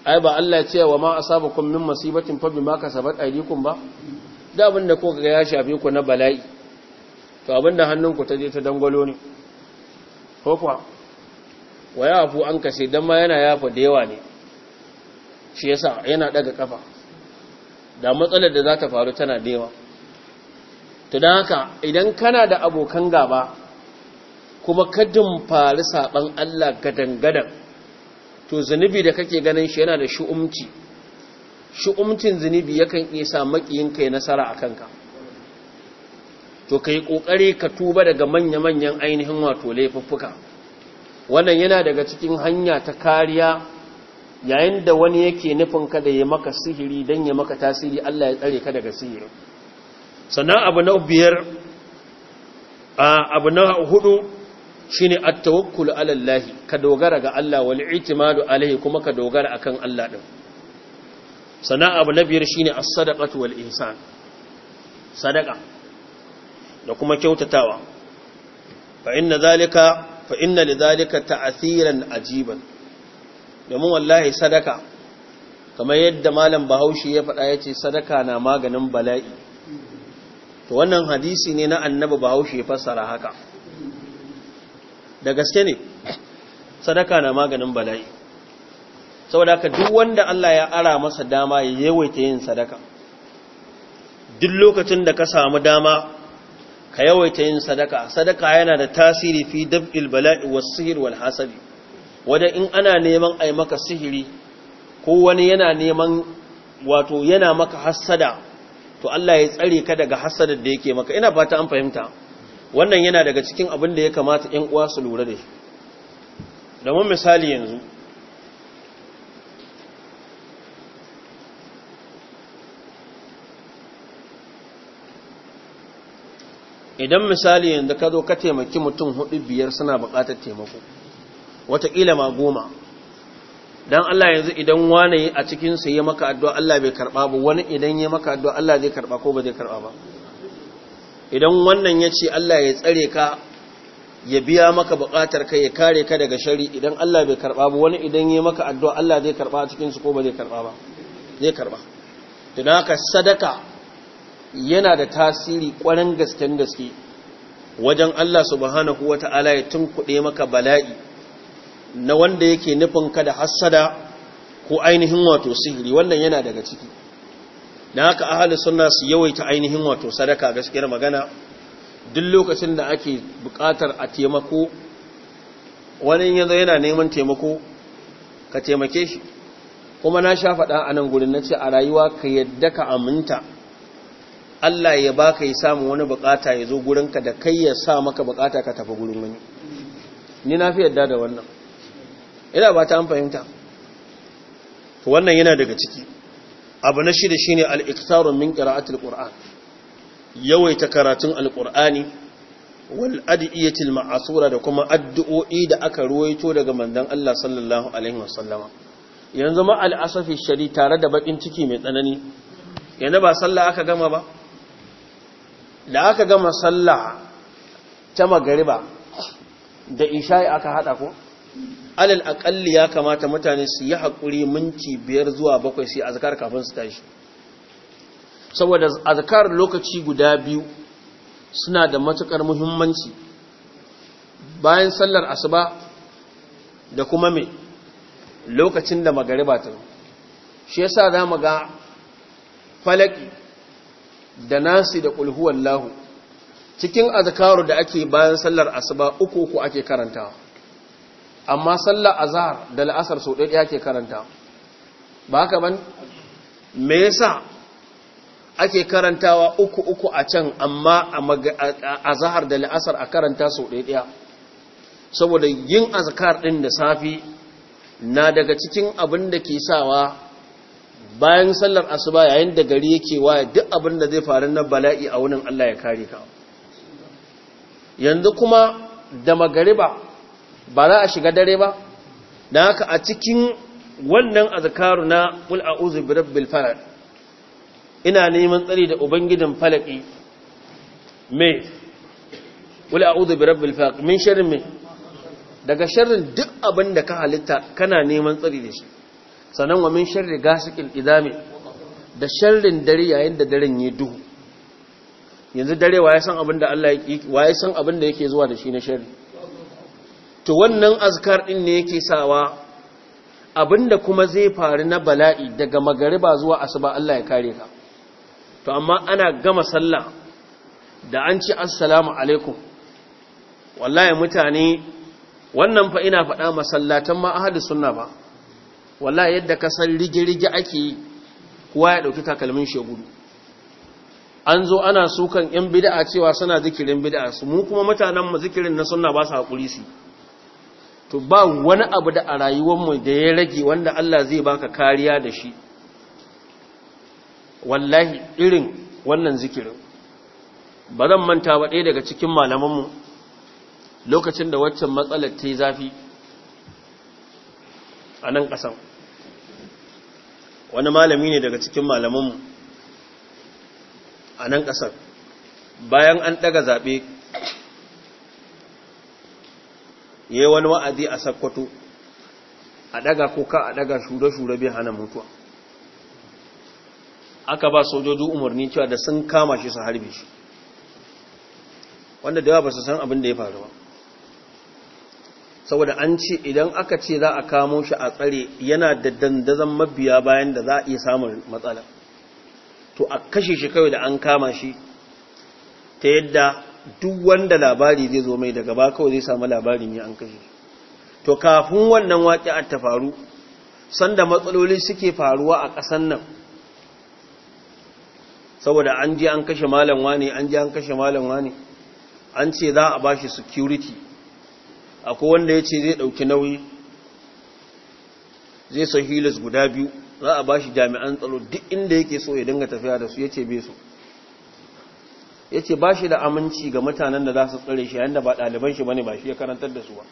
Speaker 1: ai ba Allah ya ce wa ma asabakum min masibatin fa bima kasabat aydikum ba da abin da kuka ga ya shafe ku na bala'i to abin da hannunku ta je ta dangwalo ne ko kuwa wa ya fu an kashe don ma yana yafa da yawa ne shi yasa yana daga kafa da matsalar da za ta faru tana da yawa to don haka idan kana da abokan gaba kuma kadin fari saban Allah gadan gadan to zunubi da kake ganin shi yana da shu'umci shu'umcin zunubi yakan iya sa makiyin kai nasara a kanka to ka yi ƙoƙari ka tuba daga manya-manyan ainihin wato laifuffuka wannan yana daga cikin hanya ta kariya yayin da wani yake nufin ka da ya maka sihiri don ya maka tasiri Allah ya tsare ka daga sihiri sannan abu na biyar a abu na hudu shine a tawakkul alallahi ka dogara ga Allah wal i'timadu alaihi kuma ka dogara akan Allah din Sana'a abu na biyar shi ne a wal ihsan sadaka, da kuma kyautatawa Fa'inna inna zalika fa inna ajiban domin wallahi sadaka kamar yadda malam bahaushe ya faɗa yace sadaka na maganin bala'i to wannan hadisi ne na annabi bahaushe ya fassara haka da gaske ne sadaka na maganin bala'i saboda ka duk wanda Allah ya ara masa dama ya yawaita yin sadaka duk lokacin da ka samu dama ka yawaita yin sadaka sadaka yana da tasiri fi dab'il bala'i was sihr wal hasabi wanda in ana neman ai maka sihiri ko wani yana neman wato yana maka hasada to Allah ya tsare ka daga hasadar da yake maka ina fata an fahimta wannan yana daga cikin abin da ya kamata ƴan uwa su lura da shi domin misali yanzu idan misali yanzu ka zo ka taimaki mutum hudu biyar suna buƙatar taimako watakila ma goma don Allah yanzu idan wani a cikinsu yi ya maka addu'a Allah bai karba ba wani idan ya maka addu'a Allah zai karba ko ba zai karba ba idan wannan ya ce Allah ya tsare ka ya biya maka buƙatar ka ya kare ka daga shari idan Allah bai karba ba wani idan ya maka addu'a Allah zai karba a cikinsu ko ba zai karba ba zai karba sadaka yana da tasiri ƙwarin gasken gaske wajen Allah subhanahu wa ta'ala ya tun tunkuɗe maka bala'i na wanda yake nufin ka da hassada ko ainihin wato sihiri wannan yana daga ciki na haka ahali suna su yawaita ainihin wato sadaka gaskiyar magana duk lokacin da ake buƙatar a taimako wani yanzu yana neman taimako ka taimake shi kuma na sha faɗa a nan gudun na ce a rayuwa ka yadda ka aminta Allah ya baka ya samu wani bukata ya zo gurinka da kai ya sa maka bukata ka tafi gurin wani ni na fi yadda da wannan ina ba ta an fahimta wannan yana daga ciki abu na shida shine al-iktaru min qira'atil qur'an yawaita karatun al-qur'ani wal adiyati al-ma'sura da kuma addu'o'i da aka ruwaito daga Mandan, Allah sallallahu alaihi wasallama yanzu ma asafi shari tare da baƙin ciki mai tsanani yanzu ba sallah aka gama ba da aka gama sallah ta magariba da isha'i aka hada ko alal akalli ya kamata mutane su yi haƙuri minti biyar zuwa bakwai sai azkar kafin su tashi saboda azkar lokaci guda biyu suna da matukar muhimmanci bayan sallar asuba da kuma me lokacin da magariba ta shi yasa mu ga falaki da nasi da Lahu, cikin azkaru da ake bayan sallar asuba uku uku ake karanta amma sallar azhar da la'asar sau ɗaya ake karanta ba haka ban me yasa ake karantawa uku uku a can amma a da la'asar a karanta sau ɗaya saboda yin azkar ɗin da safi na daga cikin abin da ke sawa bayan sallar asuba yayin da gari yake waya duk abin da zai faru na bala'i a wurin Allah ya kare ka yanzu kuma da magariba ba za a shiga dare ba da haka a cikin wannan azkaru na qul a'udhu rabbil falaq ina neman tsari da ubangijin falaki me qul a'udhu rabbil falaq min sharri me daga sharrin duk abin da ka halitta kana neman tsari da shi sannan wa min sharri gasiqil idami da sharrin dare yayin da daren yi duhu yanzu dare wa ya san abin da Allah ya san abin da yake zuwa da shi na sharri to wannan azkar din ne yake sawa abinda kuma zai faru na bala'i daga magariba zuwa asuba Allah ya kare ka to amma ana gama sallah da an ci assalamu alaikum wallahi mutane wannan fa ina faɗa masallatan ma ahadi sunna ba Wala yadda ka san rige-rige ake kuwa kowa ya ɗauki takalmin shi an zo ana sukan yan bida'a cewa suna zikirin bida'a su mu kuma mutanen mu zikirin na sunna ba su hakuri su to ba wani abu da a rayuwar mu da ya rage wanda Allah zai baka kariya da shi wallahi irin wannan zikirin ba zan manta ba ɗaya daga cikin malaman mu lokacin da waccan matsalar ta yi zafi a nan ƙasan wani malami ne daga cikin malamanmu a nan ƙasar bayan an ɗaga zaɓe ya yi wani wa'adi a sakkwato a ɗaga koka a ɗaga shure-shure bai hana mutuwa aka ba sojoji umarni cewa da sun kama shi su harbe shi wanda da yawa ba su san abin da ya faru ba saboda an ce idan aka ce za a kamo shi a tsare yana da dandazon mabiya bayan da za a iya samun matsala to a kashe shi kawai da an kama shi ta yadda duk wanda labari zai zo mai daga ba kawai zai samu labari ne an kashe to kafin wannan a ta faru sanda matsaloli suke faruwa a ƙasan nan saboda an ji an kashe malam ne an ji an kashe malam ne an ce za a ba shi security akwai wanda ya ce zai ɗauki nauyi zai sa hilis guda biyu za a ba shi jami'an tsaro duk inda yake so ya dinga tafiya da su ya ce bai su ya ce ba shi da aminci ga mutanen da za su tsare shi yayin da ba ɗaliban shi bane ba shi ya karantar da su ba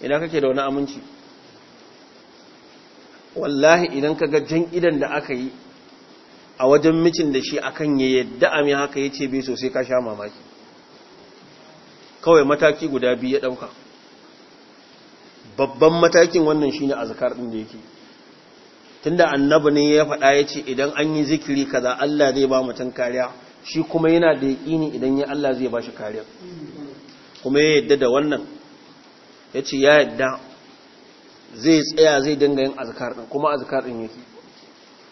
Speaker 1: idan kake da wani aminci wallahi idan ka ga jan idan da aka yi a wajen micin da shi akan ya yadda ami haka ya ce bai sosai ka sha mamaki kawai mataki guda biyu ya ɗauka babban matakin wannan shine azkar ɗin da yake tunda annabi ne ya faɗa ya ce idan an yi zikiri kaza Allah zai ba mutum kariya shi kuma yana da yaƙini idan ya Allah zai ba shi kariya kuma ya yadda da wannan ya ce ya yadda zai tsaya zai dinga yin azkar ɗin kuma azkar ɗin yake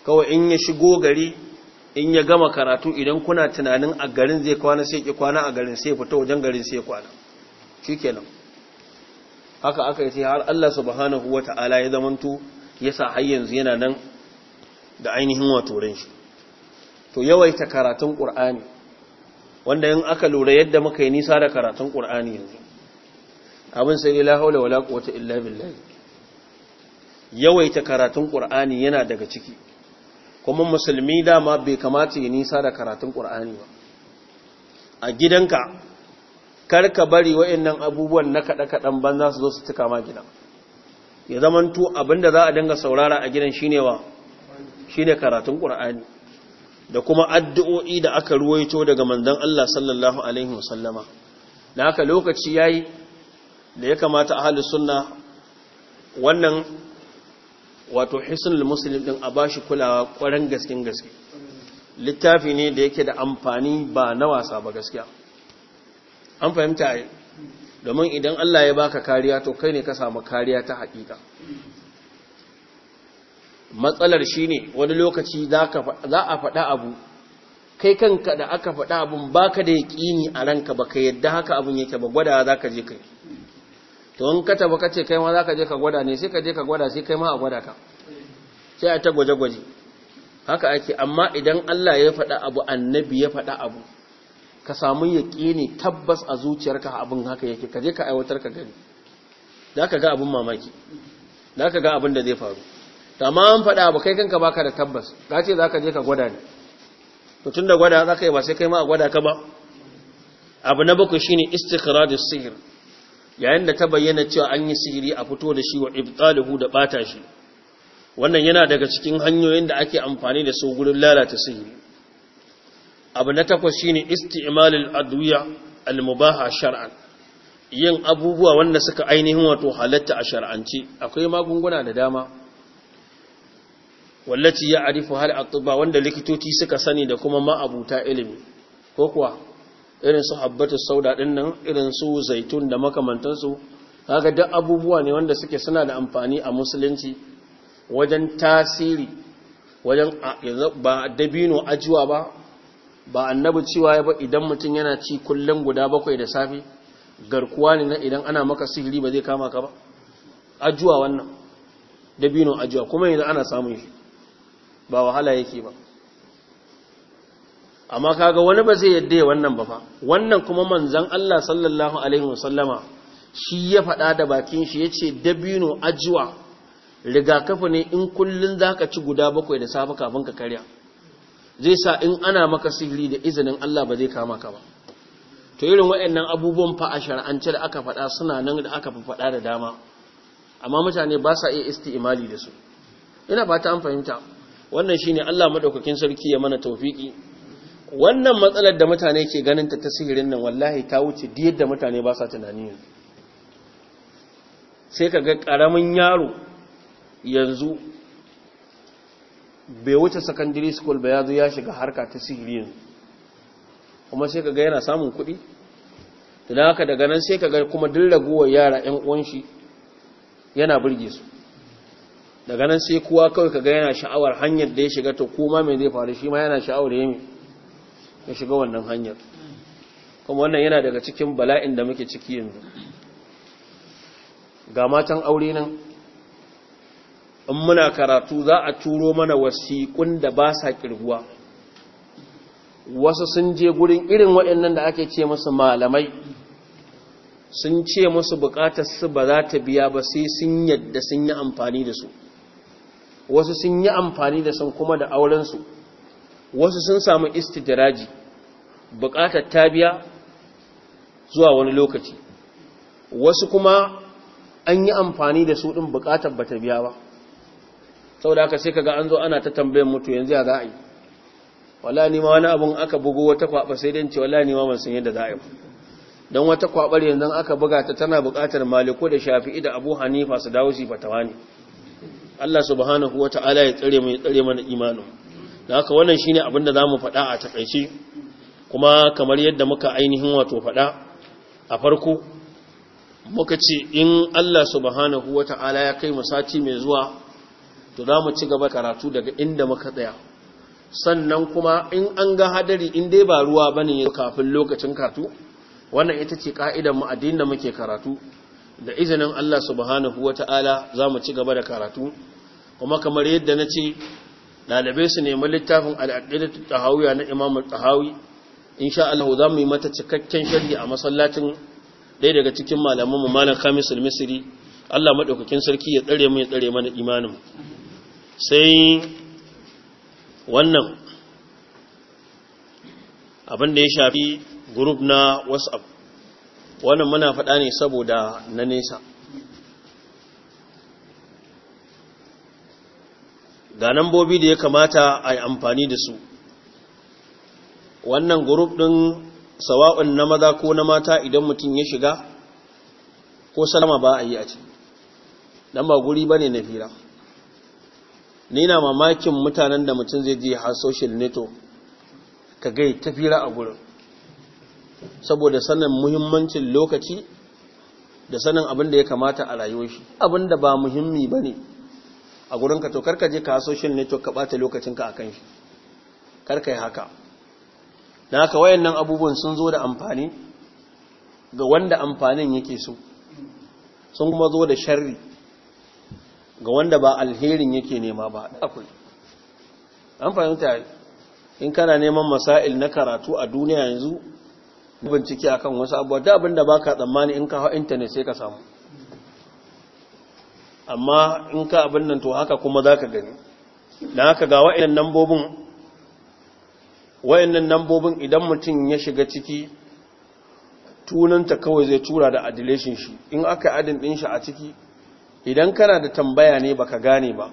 Speaker 1: kawai in ya shigo gari in ya gama karatu idan kuna tunanin a garin zai kwana sai ki kwana a garin sai fita wajen garin sai kwana shikenan haka aka yi har Allah subhanahu wata'ala ya zamanto yasa har yanzu yana nan da ainihin wato ran shi to yawaita karatun qur'ani wanda in aka lura yadda muka yi nisa da karatun qur'ani yanzu abin sai la haula wala quwwata illa billah yawaita karatun qur'ani yana daga ciki kuma musulmi dama bai kamata ya nisa da karatun ƙur'ani ba a gidanka kar ka bari wa'annan abubuwan na kaɗe-kaɗen za su zo su cika ma gida ya zamantu abinda za a dinga saurara a gidan shine wa shine karatun ƙur'ani da kuma addu'o'i da aka ruwaito daga manzon Allah sallallahu alaihi wasallama da aka lokaci yayi da ya kamata ahlus sunna wannan wato hisnul muslim din a bashi kulawa kwaran gaskin gaske littafi ne da yake da amfani ba na wasa ba gaskiya an fahimta ai domin idan Allah ya baka kariya to kai ne ka samu kariya ta hakika matsalar shine wani lokaci za a faɗa abu kai kanka da aka faɗa abun baka da yaƙini a ranka ba kai, yadda haka abun yake ba gwada za ka je kai to in ka taba kace kai ma zaka je ka gwada ne sai ka je ka gwada sai kai ma a gwada ka sai a ta gwaje-gwaje haka ake amma idan Allah ya faɗa abu annabi ya faɗa abu ka samu ne tabbas a zuciyarka abin haka yake ka je ka aiwatar ka gani da ka ga abin mamaki Za ka ga abin da zai faru amma an faɗa abu kai kanka baka da tabbas ka ce za ka je ka gwada ne to tun da gwada za ka yi ba sai kai ma a gwada ka ba abu na bakwai shine istikhrajus sihr yayin da ta bayyana cewa an yi sihiri a fito da shi wa ibtaluhu da bata shi wannan yana daga cikin hanyoyin da ake amfani da su gurin lalata sihiri abu na takwas shine isti'malul adwiya al-mubaha shar'an yin abubuwa wanda suka ainihin wato halatta a shar'anci akwai magunguna da dama wallaci ya arifu hal atba wanda likitoci suka sani da kuma ma'abuta ilimi ko kuwa irin su habbatu sauda din nan irin su zaitun da makamantansu kaga duk abubuwa ne wanda suke suna da amfani a musulunci wajen tasiri wajen ba dabino ajiwa ba ba annabi cewa ba idan mutum yana ci kullun guda bakwai da safe garkuwa ne na idan ana maka sihiri ba zai kama ka ba ajuwa wannan dabino ajuwa kuma yanzu ana samun shi ba wahala yake ba amma kaga wani ba zai yadda ya wannan ba fa wannan kuma manzan Allah sallallahu alaihi wasallama shi ya faɗa da bakin shi ya ce dabino ajiwa rigakafi ne in kullun zaka ci guda bakwai da safe kafin ka karya zai sa in ana maka sihiri da izinin Allah ba zai kama ka ba to irin waɗannan abubuwan fa a shar'ance da aka faɗa suna nan da aka faɗa da dama amma mutane ba sa iya isti'imali da su ina fata an fahimta wannan shine Allah maɗaukakin sarki ya mana tawfiki wannan matsalar da mutane ke ganin ta ta sihirin nan wallahi ta wuce diyar da mutane ba sa tunani ne. sai ka ga ƙaramin yaro yanzu bai wuce secondary school ba ya zo ya shiga harka ta sihirin. kuma sai ka ga yana samun kuɗi da haka daga nan sai ka ga kuma duk ragowar yara 'yan uwan shi yana birge su daga nan sai kowa kawai ka ga yana sha'awar hanyar da ya shiga to kuma mai zai faru shi ma yana sha'awar yami ya shiga wannan hanyar kuma wannan yana daga cikin bala'in da muke ciki yanzu ga matan aure nan in muna karatu za a turo mana wasiƙun da ba sa ƙirguwa wasu sun je gurin irin waɗannan da ake ce musu malamai sun ce musu buƙatar su ba za ta biya ba sai sun yadda sun yi amfani da su wasu sun yi amfani da sun kuma da aurensu wasu sun samu istidiraji bukatar tabiya zuwa wani lokaci wasu kuma an yi amfani da su ɗin bukatar bata biya ba sau da aka sai kaga an zo ana ta tambayin mutu yanzu ya za a yi wala nima wani abin aka bugu wata kwaɓa sai dan ce wala nima ban san yadda za a yi don wata kwaɓar yanzu aka buga ta tana bukatar maliko da shafi da abu hanifa su dawo shi fatawa ne Allah subhanahu wa ta'ala ya tsare mana imanin da haka wannan shine abin da mu faɗa a takaice kuma kamar yadda muka ainihin wato faɗa a farko muka ce in Allah subhanahu wata'ala ya kai mu sati mai zuwa to zamu ci gaba karatu daga inda muka tsaya sannan kuma in an ga hadari in dai ba ruwa ba bane kafin lokacin karatu wannan ita ce ka'idar mu addinin da muke karatu da izinin Allah subhanahu wata'ala zamu ci gaba da karatu kuma kamar yadda na ce ɗalibai su nemi littafin al'aqidatu tahawiyya na imamu tahawi sha Allah za mu yi mata cikakken sharhi a masallacin ɗaya daga cikin malaman mu malam Khamis al-Misri Allah maɗaukakin sarki ya tsare mu ya tsare mana imanin sai wannan abin da ya shafi group na WhatsApp wannan muna faɗa ne saboda na nesa ga nambobi da ya kamata a yi amfani da su wannan gurub ɗin sawa'un na maza ko na mata idan mutum ya shiga ko salama ba a yi a ce don ba guri ba ne na fira ni na mamakin mutanen da mutum zai je har social neto ka gai ta fira a gurin saboda sanin muhimmancin lokaci da sanin abin da ya kamata a rayuwar shi abin da ba muhimmi ba ne a gurinka to karka je ka social network ka bata lokacinka a kan shi karka yi haka na haka wayannan abubuwan sun zo da amfani ga wanda amfanin yake so sun kuma zo da sharri ga wanda ba alherin yake nema ba akwai ta fahimta in kana neman masail na karatu a duniya yanzu bincike akan wasu abubuwa da abinda baka tsammani in ka hau intanet sai ka samu amma in ka abin nan to haka kuma za ka gani Na haka ga wa'in nambobin wa'annan nambobin idan mutum ya shiga ciki tunanta kawai zai tura da adileshin shi in aka adin din shi a ciki idan kana da tambaya ne baka gane ba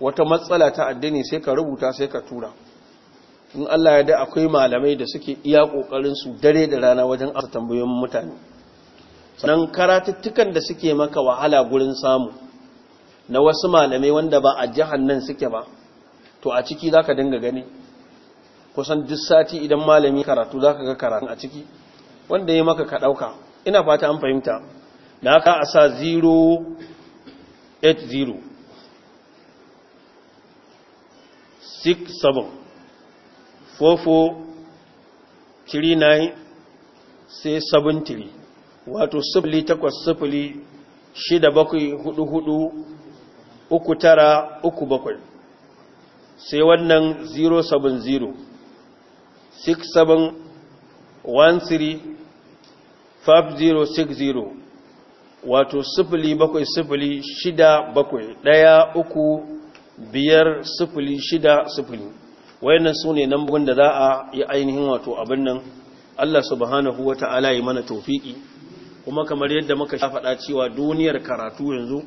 Speaker 1: wata matsala ta addini sai ka rubuta sai ka tura in Allah ya da akwai malamai da suke iya kokarin su dare da rana wajen asa tambayoyin mutane sannan karatuttukan da suke maka wahala gurin samu na wasu malamai wanda ba a jihar nan suke ba to a ciki za ka dinga gani kusan duk sati idan malami karatu za ka ga karatu a ciki wanda ya maka ka ina fata an fahimta na ka a sa 080 sai 73 wato 08 06 7 uku tara uku bakwai sai wannan 070 67 5060 wato sifili bakwai sifili shida bakwai ɗaya uku biyar sifili shida sifili wayannan su ne nan da za a yi ainihin wato abin nan Allah subhanahu wa ta'ala yi mana tofiki kuma kamar yadda muka shafaɗa cewa duniyar karatu yanzu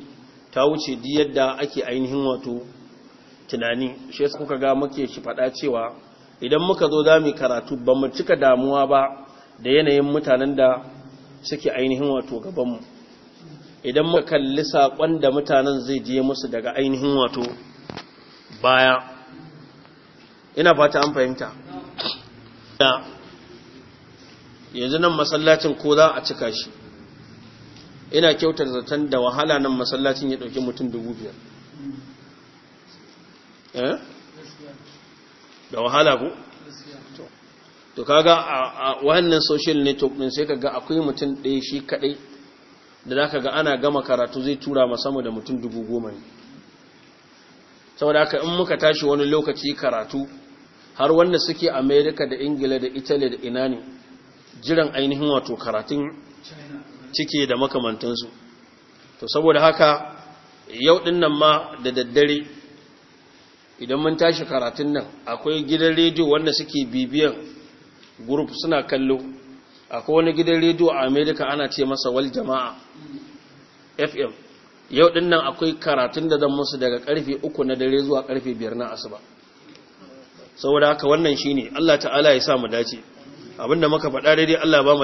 Speaker 1: ta wuce di yadda ake ainihin wato tunani shi yasa kuka ga muke shi faɗa cewa idan muka zo za mu karatu ba mu cika damuwa ba da yanayin mutanen da suke ainihin wato gabanmu idan muka kalli saƙon da mutanen zai je musu daga ainihin wato baya ina fata an fahimta yanzu nan masallacin ko za a cika shi ina kyautar zaton da wahala nan masallacin ya ɗauki mutum dubu biyar eh? da wahala ku? to kaga a wannan social network ɗin sai kaga akwai mutum ɗaya shi kaɗai da za ka ga ana gama karatu zai tura sama da mutum dubu goma ne saboda haka in muka tashi wani lokaci karatu har wanda suke amerika da ingila da italy da ina ne jiran ainihin wato karatun cike da makamantansu to saboda haka yau din nan ma da daddare idan mun tashi karatun nan akwai gidan rediyo wanda suke bibiyan group suna kallo akwai wani gidan rediyo a America ana ce masa wal jama'a FM yau din nan akwai karatun da zan musu daga karfe 3 na dare zuwa karfe biyar na asuba saboda haka wannan shine Allah ta'ala ya sa mu dace abinda muka faɗa daidai Allah ba